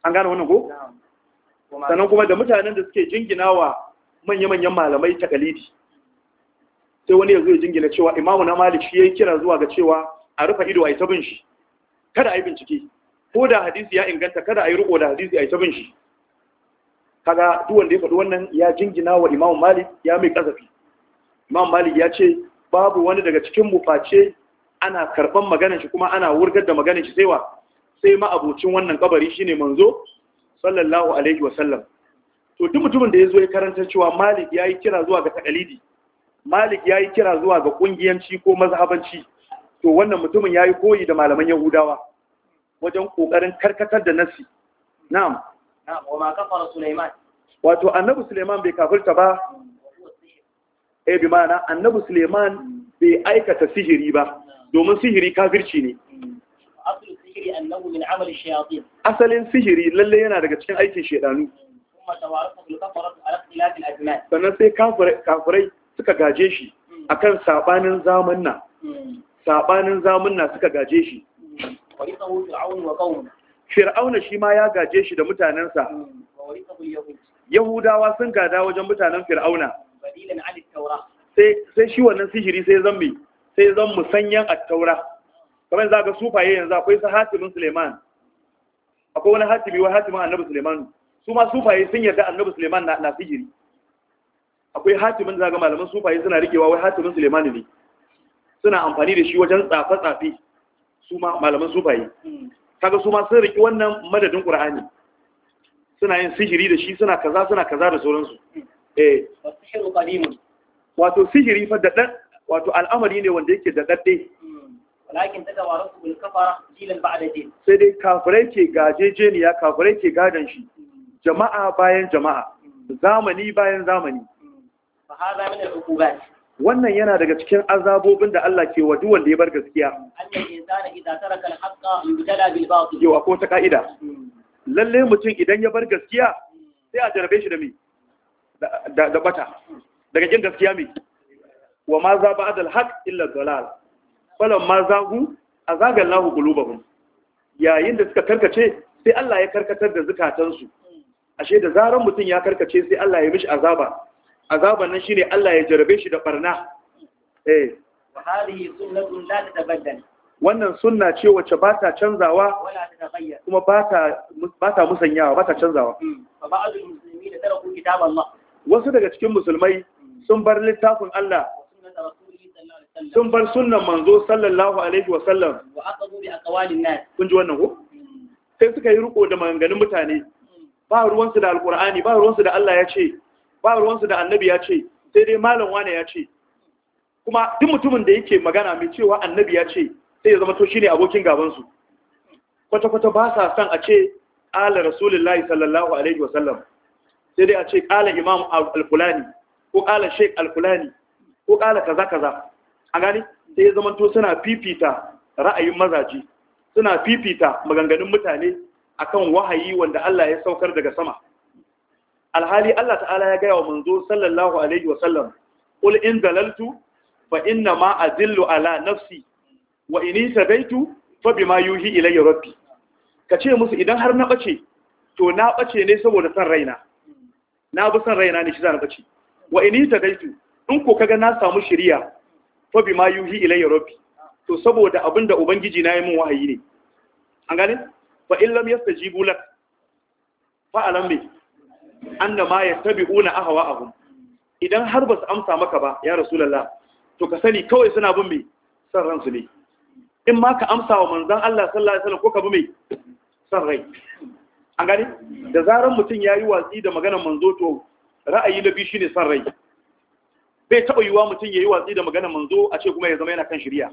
an gane wannan ko sannan kuma da mutanen da suke wa manya-manyan malamai takalidi sai wani yanzu ya jingina cewa imamu na malik shi ya yi kira zuwa ga cewa a rufe ido a yi tabin shi kada a yi bincike ko da hadisi ya inganta kada a yi riko da hadisi a yi tabin shi kaga duk wanda ya faɗi wannan ya jingina wa imamu malik ya mai kasafi imamu malik ya ce babu wani daga cikin mu face ana karban maganar shi kuma ana wurgar da maganar shi sai wa sai ma abocin wannan kabari shine manzo sallallahu alaihi wasallam to duk mutumin da ya zo ya karanta cewa malik ya yi kira zuwa ga takalidi malik ya yi kira zuwa ga kungiyanci ko mazhabanci to wannan mutumin ya yi koyi da malaman yahudawa wajen kokarin karkatar da nasi na'am wato annabi Suleiman bai kafirta ba eh bi mana, annabi Suleiman bai aikata sihiri ba domin sihiri kafirci ne asalin sihiri lalle yana daga cikin aikin shaidanu. sannan sai kafirai suka gaje shi akan sabanin zamanna hmm. sabanin zamanna suka gaje shi fir'auna shi ma ya gaje shi da mutanensa hmm. yahudawa sun gada wajen mutanen fir'auna sai shi wannan sihiri sai zan mai sai zan musanyan attaura kamar za ga sufaye yanzu akwai su hatimin suleiman akwai wani hatimi wa hatimin annabi suleiman su ma sufaye sun yarda annabi suleiman na sihiri akwai hatimin zaga malaman sufaye suna rikewa wai hatimin Sulemani ne suna amfani da shi wajen tsafe tsafe su ma malaman sufaye kaga su ma sun riki wannan madadin Qur'ani suna yin sihiri da shi suna kaza suna kaza da sauransu eh wato sihiri fa da wato al'amari ne wanda yake da dadde walakin daga bil kafara jilan ba'da jil sai dai kafirai ke gajejeniya kafirai ke gadan shi jama'a bayan jama'a zamani bayan zamani wannan yana daga cikin azabobin da Allah ke wa duwan da ya bar gaskiya yau akwai wata ka'ida lalle mutum idan ya bar gaskiya sai a jarabe shi da mi da bata daga jin gaskiya mi wa ma za ba adal haƙ illa zalal falan ma A zagar lahu qulubahum yayin da suka karkace sai Allah ya karkatar da zukatansu hmm. ashe da zarar mutum ya karkace sai Allah ya mishi azaba azaban nan shine Allah ya jarabe shi da barna eh wannan sunna ce wacce ba ta canzawa kuma ba ta musanyawa ba ta canzawa hmm. wasu daga cikin musulmai sun bar littafin Allah sun bar sunnan manzo sallallahu alaihi wa sallam kun ji wannan ko hmm. sai suka yi riko da maganganun mutane hmm. ba ruwansu da alkur'ani ba ruwansu da Allah ya ce ba ruwansu da annabi ya ce sai dai malam wane ya ce kuma duk mutumin da yake magana mai cewa annabi ya ce sai ya zama to shine abokin gabansu kwata-kwata ba sa son a ce 'Ala rasulullahi sallallahu alaihi wasallam sai dai a ce ala imam alfulani ko ala sheik alfulani ko ala kaza-kaza a gani sai ya zama to suna fifita ra'ayin mazaji suna fifita maganganun mutane akan wahayi wanda Allah ya saukar daga sama alhali Allah ta'ala ya gaya wa manzo sallallahu alaihi wa sallam qul in dalaltu fa inna ma adillu ala nafsi wa in tadaitu fa bima yuhi ilayya rabbi kace musu idan har na bace to na bace ne saboda san raina na bi san raina ne shi zan bace wa in tadaitu in ko kaga na samu shiriya fa bima yuhi ilayya rabbi to saboda abinda ubangiji na yi min wahayi ne an gane fa in lam yastajibu lak fa alam bi annama yattabi'una ahwa'ahum idan har ba su amsa maka ba ya rasulullah to ka sani kawai suna bin me san ransu ne in ma ka amsa wa manzon Allah sallallahu alaihi wasallam ko ka bi me san rai an gani, da zaran mutum yayi watsi da maganar manzo to ra'ayi na biyu shine san rai bai taɓa yiwuwa mutum ya yi watsi da maganar manzo a ce kuma ya zama yana kan shirya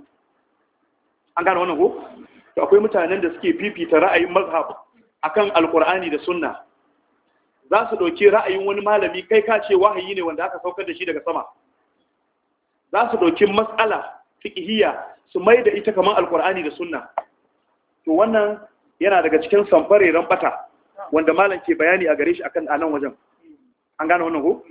an gane wannan ko to akwai mutanen da suke fifita ra'ayin mazhab akan alqur'ani da sunna za su ɗauki ra'ayin wani malami kai ka ce wahayi ne wanda aka saukar da shi daga sama za su ɗauki matsala fiqhiyya su mai da ita kamar alkur'ani da sunna to wannan yana daga cikin samfareren ɓata wanda malam ke bayani a gare shi akan anan wajen an gane wannan ko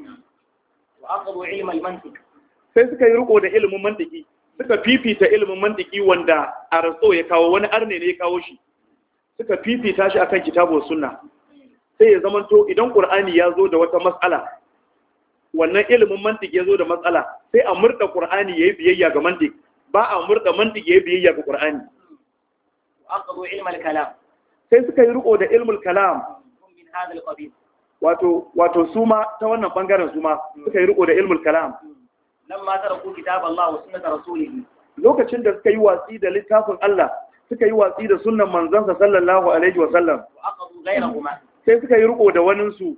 sai suka yi riko da ilimin mantiki suka fifita ilimin mantiki wanda a ya kawo wani arne ne ya kawo shi suka fifita shi akan kitabu sunna sai ya zamanto idan ƙur'ani ya zo da wata matsala wannan ilimin mantik ya zo da matsala sai a murda ƙur'ani ya yi biyayya ga mantik ba a murda mantik ya yi biyayya ga ƙur'ani sai suka yi riko da ilmul kalam wato wato su ma ta wannan bangaren su ma hmm. suka yi riko da ilmul kalam nan hmm. ma taraku kitab Allah wa sunnat rasulih lokacin da suka yi watsi da littafin Allah suka yi watsi da sunnan manzansa sallallahu alaihi wa sallam wa aqadu ghayrahuma sai suka yi riko da waninsu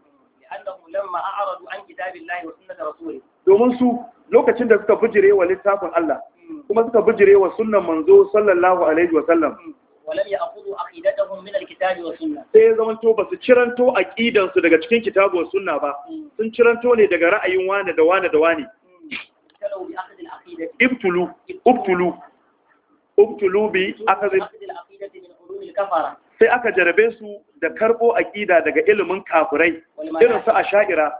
domin su lokacin da suka bijire wa littafin Allah hmm. kuma suka bijire wa sunan manzo sallallahu alaihi wa sallam hmm. walam ya'khudhu aqidatuhum min alkitabi wa sunnah sai zaman to basu ciranto aqidan su daga cikin kitabu wa sunna ba hmm. sun ciranto ne daga ra'ayin wani da wani da wani ibtulu ibtulu ibtulu bi akhadhi alaqidati min sai aka jarabe su da karɓo aƙida daga ilimin kafirai irin su asha'ira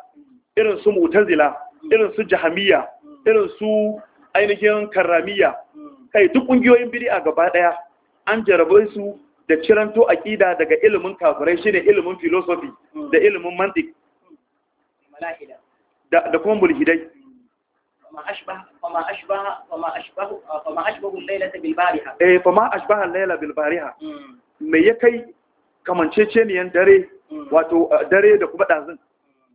irin su mutazila irin su jahamiya irin su ainihin karramiya kai duk ƙungiyoyin bid'a gaba ɗaya an jarabe su da ciranto aƙida daga ilimin kafirai shine ilimin philosophy da ilimin mantik da kuma mulhidai fama أشبه Fama أشبه فما أشبه فما أشبه الليلة بالبارحة إيه فما أشبه bil-bariha me ya kai kamanceceniyan dare mm. wato dare da kuma ɗazin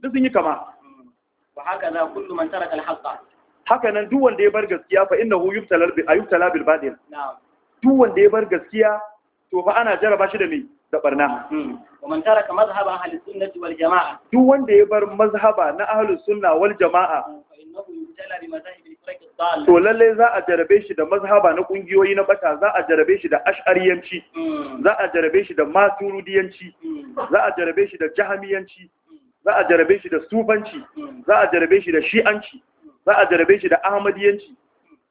duk sun yi kama mm. wa haka za kullu man taraka al-haqqa haka nan duk wanda ya bar gaskiya fa innahu yubtala bil ayubtala bil na'am duk wanda ya bar gaskiya to fa ana jaraba shi da me da barna mm. wa man taraka mazhaba ahli sunnati wal jamaa duk wanda ya bar mazhaba na ahli sunna wal jamaa fa innahu yubtala bi mazhabi to lalle za a jarabe shi da mazhaba na kungiyoyi na bata za a jarabe shi da ash'ariyanci hmm. za a jarabe shi da maturidiyanci hmm. za a jarabe shi da jahamiyanci za a jarabe shi da sufanci hmm. za a jarabe shi da shi'anci za a jarabe shi da ahmadiyanci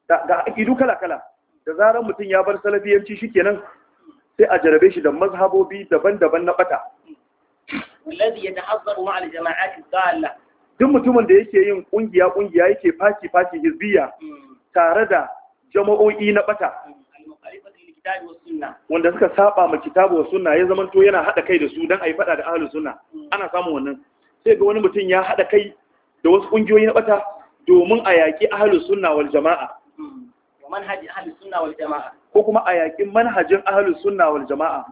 da idu kala-kala da zarar mutum ya bar salafiyanci kenan. sai a jarabe shi da mazhabobi daban-daban na bata duk mutumin da yake yin kungiya kungiya yake faci faci hizbiya tare da jama'o'i na bata wanda suka saba ma kitabu wa sunna ya to yana hada kai da su dan ayi fada da ahlus sunna ana samun wannan sai ga wani mutum ya hada kai da wasu kungiyoyi na bata domin a yaki ahlus sunna wal jama'a ahlus sunna wal jama'a ko kuma a yaki manhajin ahlus sunna wal jama'a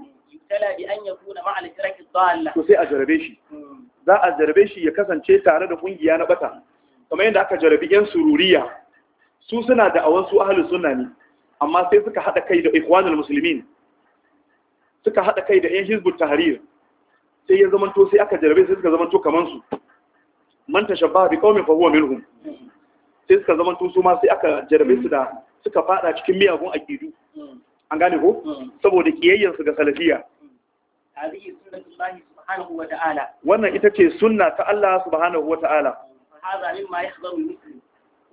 tala bi an yakuna ma'a al-firaq to sai a jarabe shi hmm. za a jarabe shi ya kasance tare da kungiya na bata kamar yadda aka jarabi yan sururiya su suna da awon su ahlus suna ne amma sai suka hada kai da ikhwanul musulmin. suka hada kai da yan hizbut tahrir sai ya zamanto sai aka jarabe sai suka zamanto kamansu. su man tashabbaha bi qaumin fa huwa minhum sai suka zamanto su ma sai aka jarabe su da suka fada cikin miyagun akidu an gane ko mm. saboda kiyayyansu ga salafiya mm. sunnatullahi subhanahu wa ta'ala wannan ita ce sunna ta Allah subhanahu wa ta'ala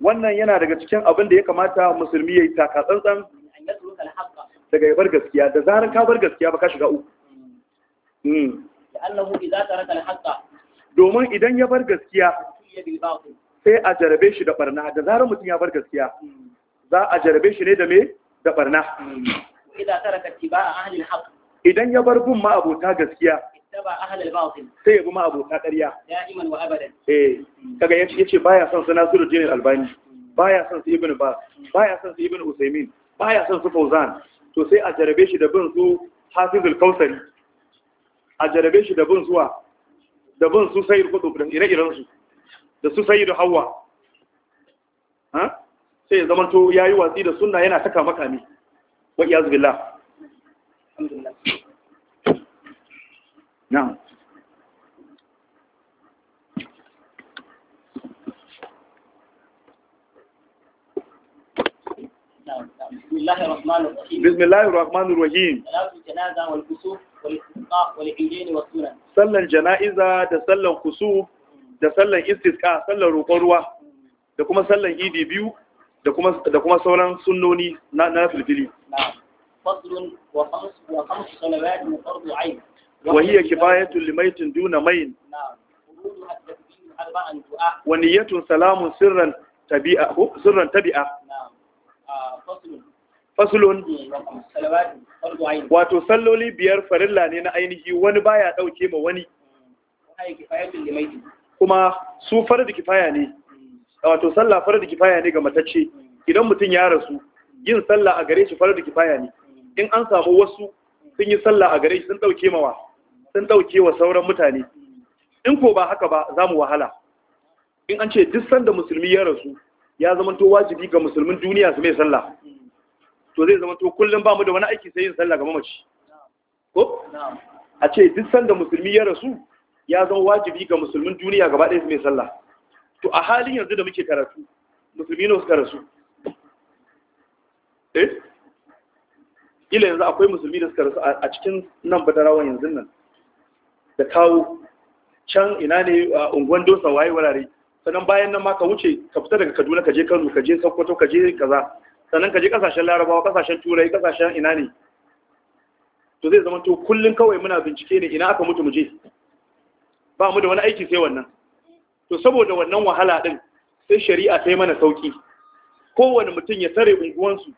wannan yana daga cikin abin da ya kamata musulmi ya yi taka tsantsan daga ya bar gaskiya da zarar ka bar gaskiya ba ka shiga uku hmm. domin idan ya bar gaskiya sai a jarabe shi da barna da zarar mutum ya bar gaskiya za a jarabe shi ne da me da barna hmm. idan ya bar bin abota gaskiya sai ya guma ma abota ƙarya da'iman wa eh kaga baya son su jini Albani baya son su Ibn ba baya son su Ibn Usaymin baya son su Fauzan to sai a jarabe shi da bin su Hafizul al a jarabe shi da bin zuwa da bin su Sayyid Qutb da ire-iren su da su Sayyid da hawa sai ya zamanto yi watsi da sunna yana ta kama kame wa iyaz billah نعم بسم الله الرحمن الرحيم صلى الجنائز وصلى الكسوف وصلى الاستسقاء صلى روقو روا da kuma sallan idi biyu da kuma da kuma sauran sunnoni na na filfili na fasrun wa khams wa khams salawat mafardu 'ain وهي كفاية لميت دون مين ونية سلام سرا تبيئة سرا تبيئة فصل wato salloli biyar farilla ne na ainihi wani baya dauke ma wani kuma su fardi kifaya ne wato sallah fardi kifaya ne ga matacce idan mutum ya rasu yin sallah a gare shi fardi kifaya ne in an samu wasu sun yi sallah a gare shi sun dauke mawa sun ɗauke wa sauran mutane in ko ba haka ba za mu wahala in an ce duk sanda musulmi ya rasu ya zamanto wajibi ga musulmin duniya su mai sallah to zai zamanto kullum ba mu da wani aiki sai yin sallah ga mamaci ko a ce duk sanda musulmi ya rasu ya zama wajibi ga musulmin duniya gaba ɗaya su mai sallah to a halin yanzu da muke karatu musulmi ne suka rasu eh ila yanzu akwai musulmi da suka rasu a cikin nan badarawan yanzu nan da kawo can ina ne a unguwan dosa waye wurare sannan bayan nan ma ka wuce ka fita daga kaduna ka je kano ka je sokoto ka je kaza sannan ka je kasashen larabawa kasashen turai kasashen ina ne to zai zama to kullum kawai muna bincike ne ina aka mutu mu je ba mu da wani aiki sai wannan to saboda wannan wahala din sai shari'a ta yi mana sauki kowane mutum ya tare unguwansu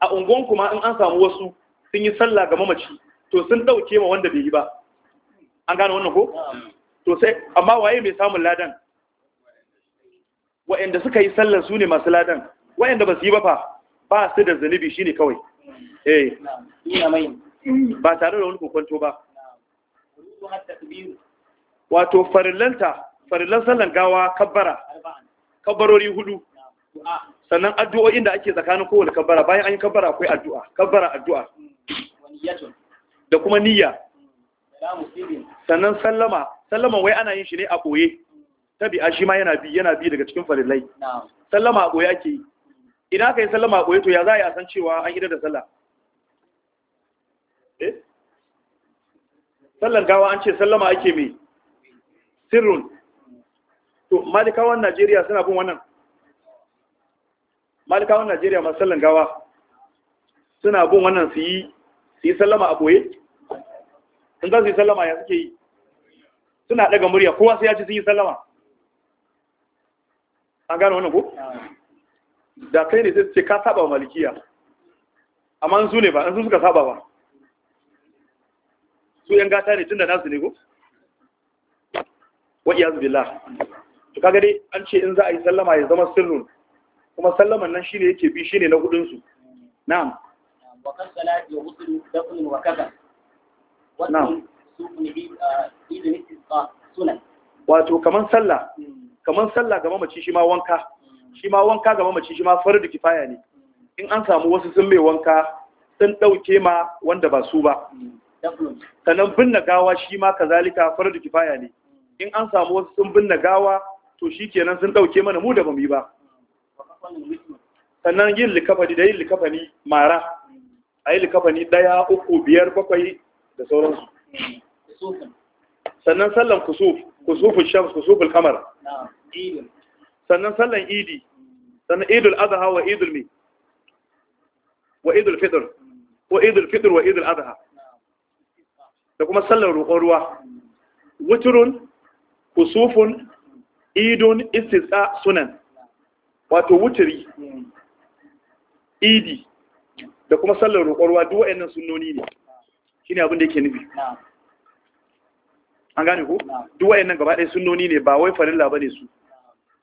a unguwan kuma in an samu wasu sun yi sallah ga mamaci to sun dauke ma wanda bai yi ba an gane wannan ko to sai amma waye mai samun ladan wa'anda suka yi sallar su ne masu ladan wa'anda ba su yi ba fa ba su da zanibi shine kawai eh ba tare da wani kokonto ba wato farillanta farillan sallar gawa kabbara kabbarori hudu sannan addu'o'in da ake tsakanin kowane kabbara bayan an yi kabbara akwai addu'a kabbara addu'a da kuma niyya sannan sallama sallama wai ana yin shi ne a ɓoye a shi ma yana bi yana bi daga cikin farillai sallama a ɓoye ake yi idan aka yi sallama a ɓoye to ya za a yi a san cewa an idar da sallah eh? sallan gawa an ce sallama ake mai sirrun to malikawan najeriya suna bin wannan malikawan najeriya masu sallan gawa suna bin wannan su yi sallama a ɓoye in za su yi sallama ya suke yi suna daga murya kowa sai ya ci sun yi sallama an gano wannan ku? da kai ne sai su ce ka saba wa malikiya amma su ne ba in su suka saba ba su yan gata ne tun da nasu ne ku? wa zubi la to kaga dai an ce in za a yi sallama ya zama sirrun kuma sallaman nan shi ne yake bi shi ne na hudunsu na'am wa wa Ah, wato kaman sallah hmm. kaman sallah ga mamaci shi ma wanka shi ma wanka ga mamaci shi ma fardu kifaya ne hmm. in an samu wasu sun mai wanka sun ɗauke ma wanda ba su ba hmm. sannan binne gawa shi ma kazalika fardu kifaya ne in an samu wasu sun binne gawa to shi kenan sun ɗauke mana mu da bamu yi ba sannan yin likafani da yin likafani mara a yi likafani ɗaya uku biyar bakwai da sauransu eh, sannan sallan kusuf kusufin shams kusufin kamar sannan sallan idi sannan idul adha wa idul mi wa idul fitr wa idul fitr wa idul adha da kuma sallan roƙon ruwa wuturun kusufun idun istitsa sunan wato wuturi hmm. idi da kuma sallan roƙon ruwa duk wa'annan sunnoni ne ne abin da yake nufi an gane duwa duk nan gaba ɗaya sun noni ne ba wai farilla ne su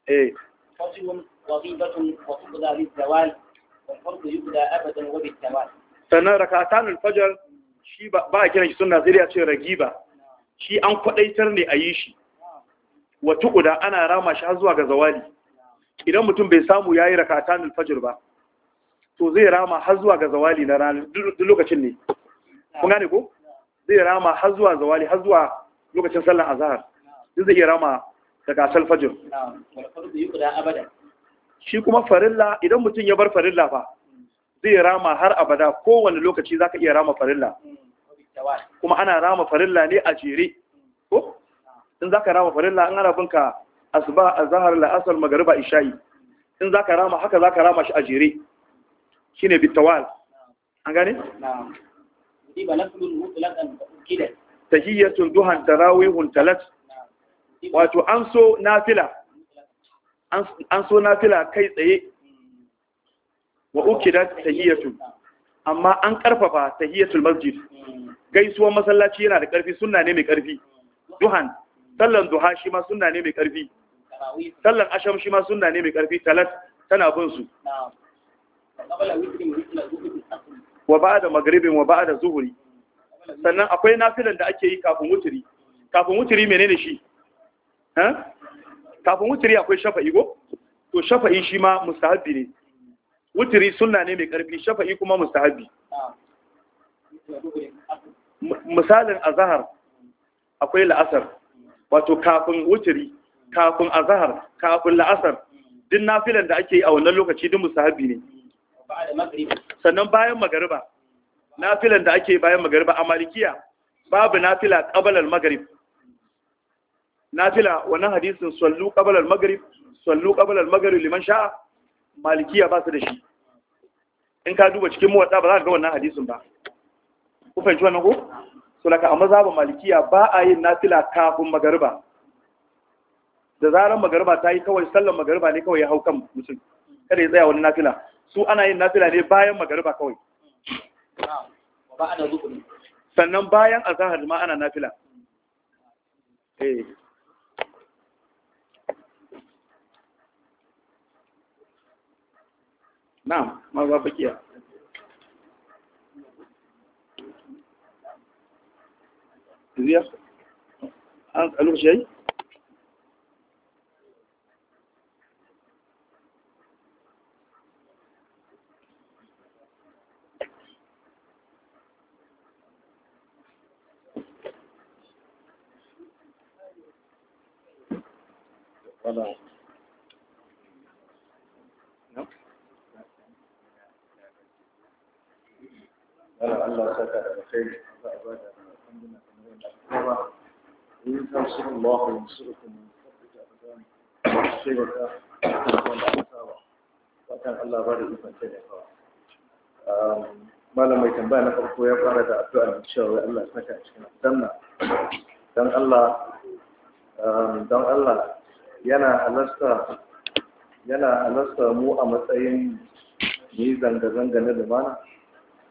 eh sannan rakatan fajar shi ba a kiran shi suna sai ce ragiba shi an kwadaitar ne a yi shi wa tuquda ana rama shi har zuwa ga zawali idan mutum bai samu ya yi rakatan fajar ba to zai rama har zuwa ga zawali na ranar duk lokacin ne kun gane ko zai rama har zuwa zawali har zuwa lokacin sallar azhar zai zai iya rama daga asal fajr shi kuma farilla idan mutum ya bar farilla fa zai rama har abada kowane lokaci zaka iya rama farilla kuma ana rama farilla ne a jere ko in zaka rama farilla an ana binka asuba azhar la'asar magariba isha'i in zaka rama haka zaka rama shi a jere shine bitawal an gane أصيب نفل مطلقا talat wato an so nafila anso nafila kai tsaye wa ukida tahiyyatul amma an karfafa tahiyyatul masjid gaisuwar masallaci yana da karfi sunna ne mai karfi duhan sallan duha shi ma sunna ne mai karfi sallan asham shi ma sunna ne mai karfi talat tana bin su wa ba'da maghribin wa ba'da zuhri sannan akwai nafilan da ake yi kafin wuturi kafin wuturi menene shi ha kafin wuturi akwai shafa'i go to shafa'i shi ma mustahabbi ne wuturi sunna ne mai karfi shafa'i kuma mustahabbi misalin azhar akwai la'asar wato kafin wuturi kafin azhar kafin la'asar din nafilan da ake yi a wannan lokaci din mustahabbi ne sannan bayan magariba nafilan da ake bayan magariba a malikiya babu nafila ƙabalar maghrib nafila wannan hadisin sallu ƙabalar maghrib sallu ƙabalar maghrib liman sha'a malikiya ba su da shi in ka duba cikin muwadda ba za ka ga wannan hadisin ba ku fahimci wannan ko so laka a ba malikiya ba a yin nafila kafin magariba da zarar magariba ta yi kawai sallan magariba ne kawai ya hau kan mutum kada ya tsaya wani nafila su ana yin nasila ne bayan magariba kawai sannan bayan azahar ma ana nafila eh na'am maza bakiya ziyar an lokaci yayi الطلاق لا الله سكت بخير إن تنصر الله ينصركم ويثبت أقدامكم ويحصرك وكان الله بارك من تلقى malamai tambaya na farko ya fara da addu'a mai cewa Allah ya saka a cikin aljanna dan Allah dan Allah yana halasta yana mu a matsayin yi zanga-zanga na lumana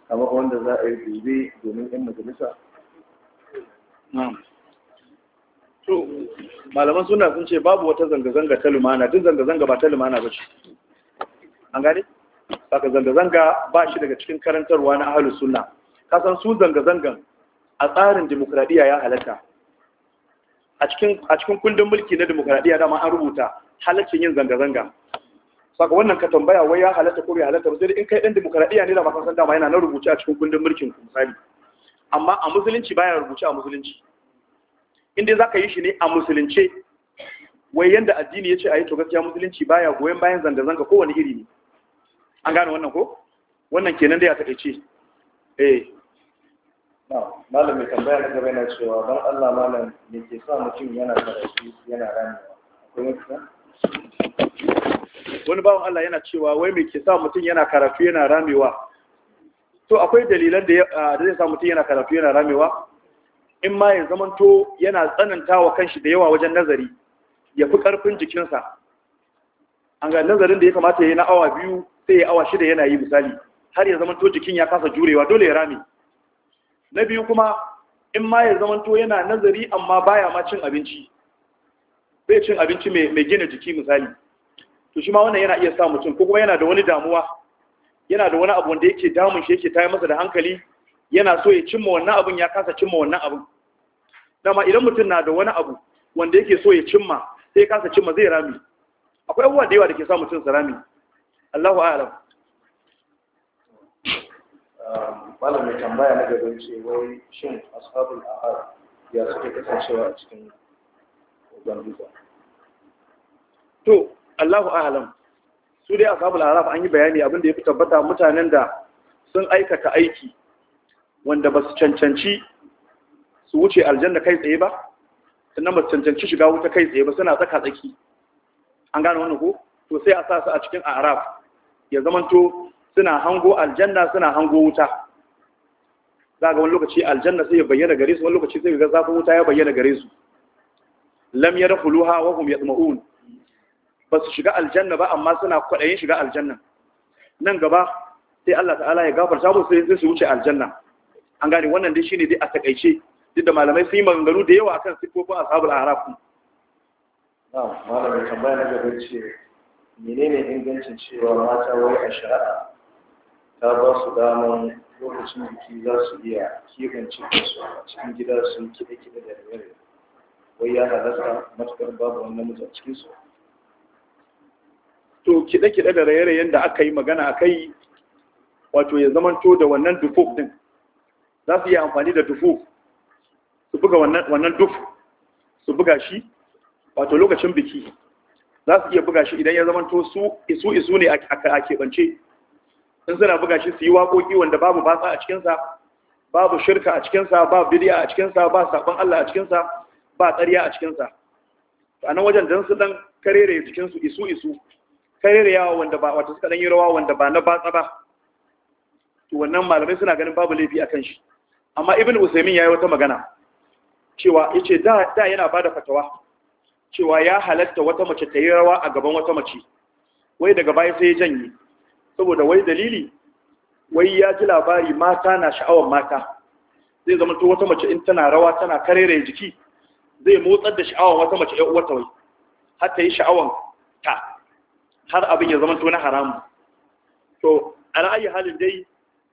kama wanda za a yi gobe domin yan majalisa malaman suna sun ce babu wata zanga-zanga ta lumana duk zanga-zanga ba ta lumana ba ce an gane saka zanga-zanga ba shi daga cikin karantarwa na ahalus suna kasan su zanga-zangan a tsarin demokradiyya ya halatta a cikin kundin mulki na demokradiyya dama an rubuta halaccin yin zanga-zanga saka wannan ka tambaya wai ya halatta ko bai halatta ba sai in kai ɗan demokradiyya ne da ba san dama yana na rubuce a cikin kundin mulkin ku misali amma a musulunci baya rubuce a musulunci inda za ka yi shi ne a musulunce wai yanda addini ya ce a yi to gaskiya musulunci baya goyon bayan zanga-zanga kowane iri ne an gane wannan ko wannan kenan da ya taƙaice eh malam mai tambaya na gaba yana cewa don Allah malam ne ke sa mutum yana karatu yana ramewa? akwai mafita wani bawan Allah yana cewa wai me ke sa mutum yana karatu yana ramewa to akwai dalilan da zai sa mutum yana karatu yana ramewa in ma ya to yana tsananta wa kanshi da yawa wajen nazari ya fi karfin jikinsa an ga nazarin da ya kamata ya yi na awa biyu sai ya awa shida yana yi misali har ya to jikin ya kasa jurewa dole ya rame na biyu kuma in ma ya zamanto yana nazari amma baya ma cin abinci bai cin abinci mai gina jiki misali to shi ma wannan yana iya sa mutum ko kuma yana da wani damuwa yana da wani abu wanda yake damun shi yake tayar masa da hankali yana so ya cimma wannan abun ya kasa cimma wannan abun dama idan mutum na da wani abu wanda yake so ya cimma sai ya kasa cimma zai rami akwai abubuwa da yawa da ke sa mutum su rami Allahu a'lam malam mai tambaya na gaban ce wai shin ashabul ahad ya suke kasancewa a cikin zanzuka to Allahu a'lam su dai ashabul ahad an yi bayani abin da ya fi tabbata mutanen da sun aikata aiki wanda ba su cancanci su wuce aljanna kai tsaye ba sannan ba su cancanci shiga wuta kai tsaye ba suna tsaka tsaki an gane wannan ko to sai a sa su a cikin araf ya zamanto suna hango aljanna suna hango wuta za ga wani lokaci aljanna sai ya bayyana gare su wani lokaci sai ga zafin wuta ya bayyana gare su lam yadkhuluha wa hum yatma'un ba su shiga aljanna ba amma suna kwaɗayin shiga aljanna nan gaba sai Allah ta'ala ya gafarta musu sai su wuce aljanna an gane wannan dai shine dai a takaice duk da malamai sun yi maganganu da yawa akan sifofin ashabul araf na malamin tambaya na gaba ce menene ingancin cewa mata wai a shari'a ta ba su damar lokacin biki za su iya keɓance kansu a cikin gida su kiɗa kiɗa da rere wai ya halatta matuƙar babu wani namiji a cikinsu to kiɗa kiɗa da rere yadda aka yi magana a kai wato ya to da wannan Dufu din za su yi amfani da Dufu su buga wannan Dufu su buga shi wato lokacin biki za su iya buga shi idan ya to su isu isu ne a keɓance in suna buga shi su yi waƙoƙi wanda babu batsa a cikinsa babu shirka a cikinsa ba bidiya a cikinsa ba sabon Allah a cikinsa ba tsariya a cikinsa a nan wajen don su ɗan karere jikinsu isu isu karere yawa wanda ba wata suka ɗan yi rawa wanda ba na batsa ba to wannan malamai suna ganin babu laifi a kan shi amma ibn usaimin ya yi wata magana cewa ya ce da yana ba da fatawa cewa ya halatta wata mace ta yi rawa a gaban wata mace wai daga baya sai ya janye saboda wai dalili wai ya ji labari mata na sha'awar mata zai zama to wata mace in tana rawa tana karere jiki zai motsar da sha'awar wata mace ya uwata wai har ta yi sha'awar ta har abin ya zama to na haramu to a ra'ayi halin dai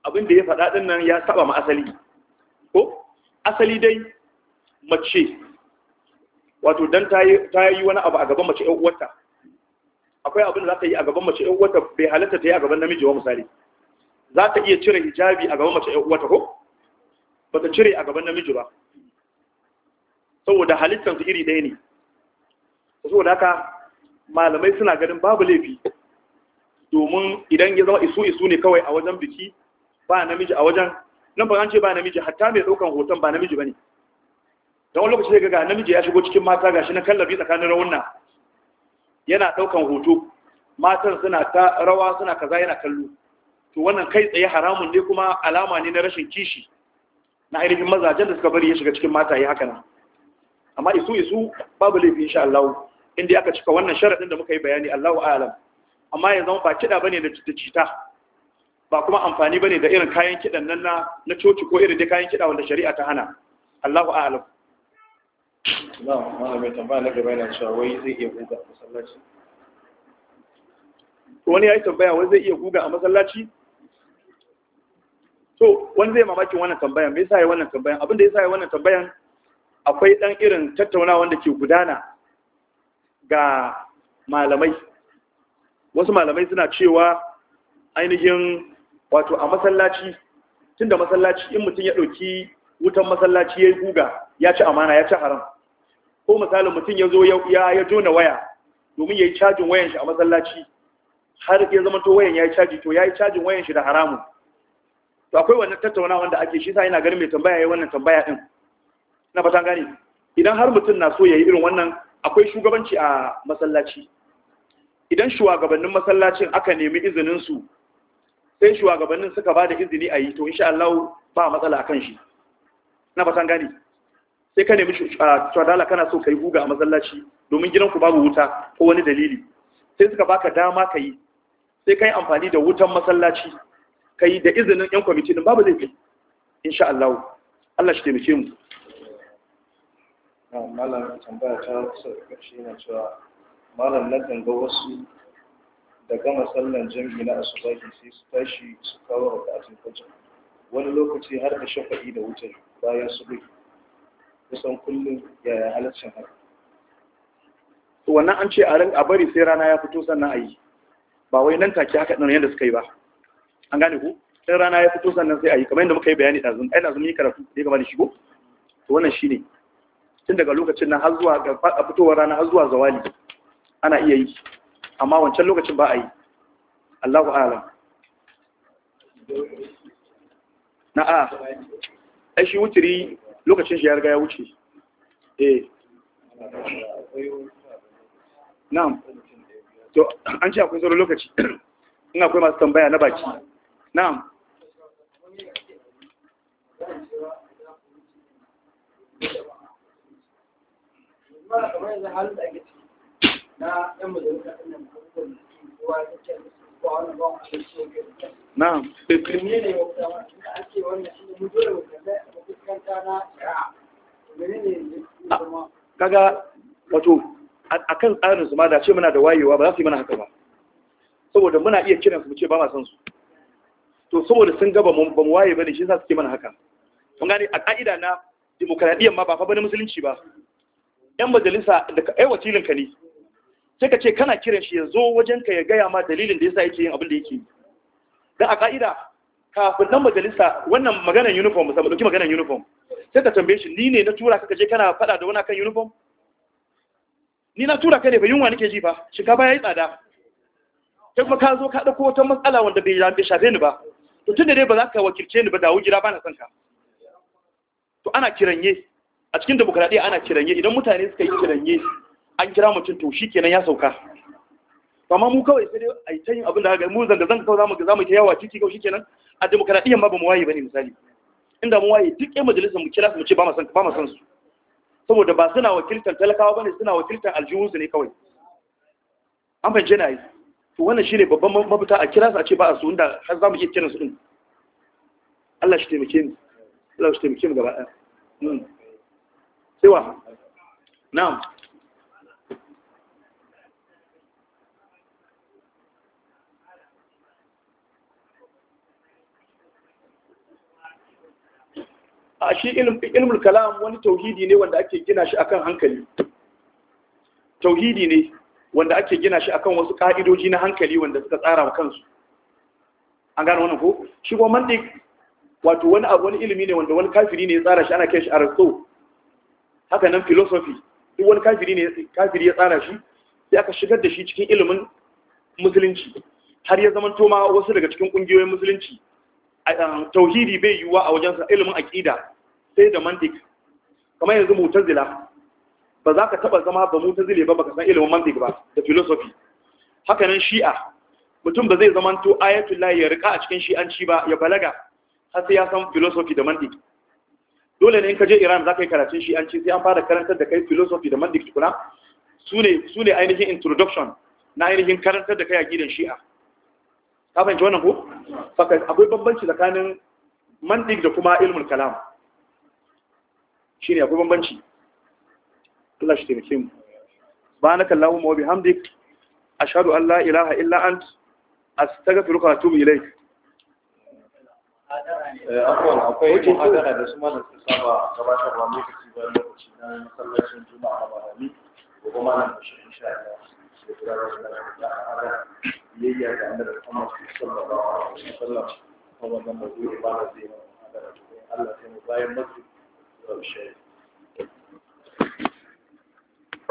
abin da ya faɗa ɗin nan ya saba ma asali ko asali dai mace wato dan ta yi wani abu a gaban mace ya uwata akwai abin da za ta yi a gaban mace yan uwata bai halatta ta yi a gaban namiji wa misali za ta iya cire hijabi a gaban mace yan uwata ko ba ta cire a gaban namiji ba saboda halittansu iri ɗaya ne saboda haka malamai suna ganin babu laifi domin idan ya zama isu isu ne kawai a wajen biki ba namiji a wajen nan ba an ce ba namiji hatta mai ɗaukan hoton ba namiji ba ne don wani lokaci ga namiji ya shigo cikin mata gashi na kallabi tsakanin raunin. yana ɗaukan hoto matan suna ta rawa suna kaza yana kallo to wannan kai tsaye haramun ne kuma alama ne na rashin kishi na ainihin mazajen da suka bari ya shiga cikin mata haka nan amma isu isu babu laifi insha Allah inda aka cika wannan sharadin da muka yi bayani Allahu a'lam amma yanzu ba kida bane da cita, ba kuma amfani bane da irin kayan kidan nan na coci ko irin da kayan kida wanda shari'a ta hana Allahu a'lam wani ya yi tambaya wani zai iya guga a masallaci to wani zai mamakin wannan tambayan mai sa yi wannan tambayan abinda sa ya wannan tambayan akwai dan irin tattaunawa wanda ke gudana ga malamai wasu malamai suna cewa ainihin wato a masallaci da masallaci in mutum ya ɗauki wutan masallaci ya yi guga ya ci amana ya ci haram ko misalin mutum ya zo ya ya jona waya domin ya yi cajin wayan shi a masallaci har ya zama to wayan ya yi caji to ya yi cajin wayan shi da haramun to akwai wannan tattaunawa wanda ake shi sa yana ganin mai tambaya ya wannan tambaya din na fatan gani idan har mutum na so ya yi irin wannan akwai shugabanci a masallaci idan shugabannin masallacin aka nemi izinin su sai shugabannin suka ba da izini a yi to insha Allah ba matsala akan shi na fatan gani. sai ka nemi cewa ah, kana so ka yi guga a masallaci domin gidanku babu wuta ko wani dalili sai suka baka dama ka yi sai ka yi amfani da wutan masallaci ka yi da izinin yan kwamiti din babu zai fi insha Allah Allah shi taimake mu malam tambaya ta shi ne cewa malam na ganga wasu da gama sallan jami'i na asuba sai su tashi su kawo raka'atul fajr wani lokaci har da shafa'i da wutar bayan su subuhi kusan kullum ya halaccin haka to wannan an ce a ran abari bari sai rana ya fito sannan a yi ba wai nan take haka ɗin yadda suka yi ba an gane ku sai rana ya fito sannan sai a yi kamar yadda muka yi bayani ɗazun ai ɗazun yi karatu da ya gaba da shigo to wannan shi ne tun daga lokacin nan har zuwa ga fitowar rana har zuwa zawali ana iya yi amma wancan lokacin ba a yi Allahu a'lam na'a ai shi wuturi lokacin shi ya riga ya wuce eh na'am to an ce akwai sauran lokaci in akwai masu tambaya na baki na'am na na'am kaga wato akan tsarin su ma da ce muna da wayewa ba za su yi mana haka ba saboda muna iya kiran su ce ba ma san su to saboda sun gaba ba mu waye bane shi za su yi mana haka kun gane a ka'ida na demokradiyyar ma ba fa bane musulunci ba yan majalisa da ka wakilin ka ne sai ka ce kana kiran shi ya zo wajen ka ya gaya ma dalilin da yasa yake yin abin da yake da a ka'ida kafin nan majalisa wannan maganar uniform musamman dauki maganar uniform sai ka tambaye shi ni ne na tura ka je kana faɗa da wani akan uniform ni na tura ka ne ba yunwa nake ji ba shinkafa yi tsada ta kuma ka zo ka dauko wata matsala wanda bai shafe ni ba to tunda dai ba za ka wakilce ni ba dawo gida ba na son ka to ana kiranye a cikin demokradiyya ana kiranye idan mutane suka yi kiranye an kira mutum to shi kenan ya sauka amma mu kawai sai dai a yi ta yin abin da haka mu zanga zanga kawai zamu zamu ta yawa ciki kawai shi kenan a demokaradiyyar ma ba mu waye bane misali inda mu waye duk yan majalisar mu kira su mu ce ba mu san ba mu san su saboda ba suna wakiltar talakawa bane suna wakiltar aljihunsu ne kawai an fahimce na yi to wannan ne babban mafita a kira su a ce ba a su inda har zamu iya kiran su din Allah shi taimake mu Allah shi taimake mu gaba ɗaya hmm. sai wa na'am a shi ilmul kalam wani tauhidi ne wanda ake gina shi akan hankali tauhidi ne wanda ake gina shi akan wasu ka'idoji na hankali wanda suka tsara wa kansu an gano wannan ko shi kuma mantik wato wani abu wani ilimi ne wanda wani kafiri ne ya tsara shi ana kai shi aristo haka nan philosophy duk wani kafiri ne kafiri ya tsara shi sai aka shigar da shi cikin ilimin musulunci har ya zama toma wasu daga cikin kungiyoyin musulunci um, tauhidi bai yiwuwa a wajen sa ilimin aƙida sai da mantik kamar yanzu mutazila ba za ka taba zama ba mutazile ba baka san ilimin mantik ba da philosophy haka nan shi'a mutum ba zai zamanto ayatul lahi ya rika a cikin shi'anci ba ya balaga har sai ya san philosophy da mantik dole ne in ka je Iran za ka yi karatun shi'anci sai an fara karantar da kai philosophy da mantik tukuna su ne ainihin introduction na ainihin karantar da kai a gidan shi'a ka fahimci wannan ko akwai bambanci tsakanin mantik da kuma ilmul kalam a akwai bambanci Allah shi taimake mu subhanaka allahumma wa bihamdik ashhadu an la ilaha illa ant astaghfiruka wa atubu ilayk eh, akwai da su malam su saba lokaci bayan na masallacin juma'a ba rami ko kuma nan Allah da da biyayya kuma da Allah sai mu bayan mutum Oh, shit.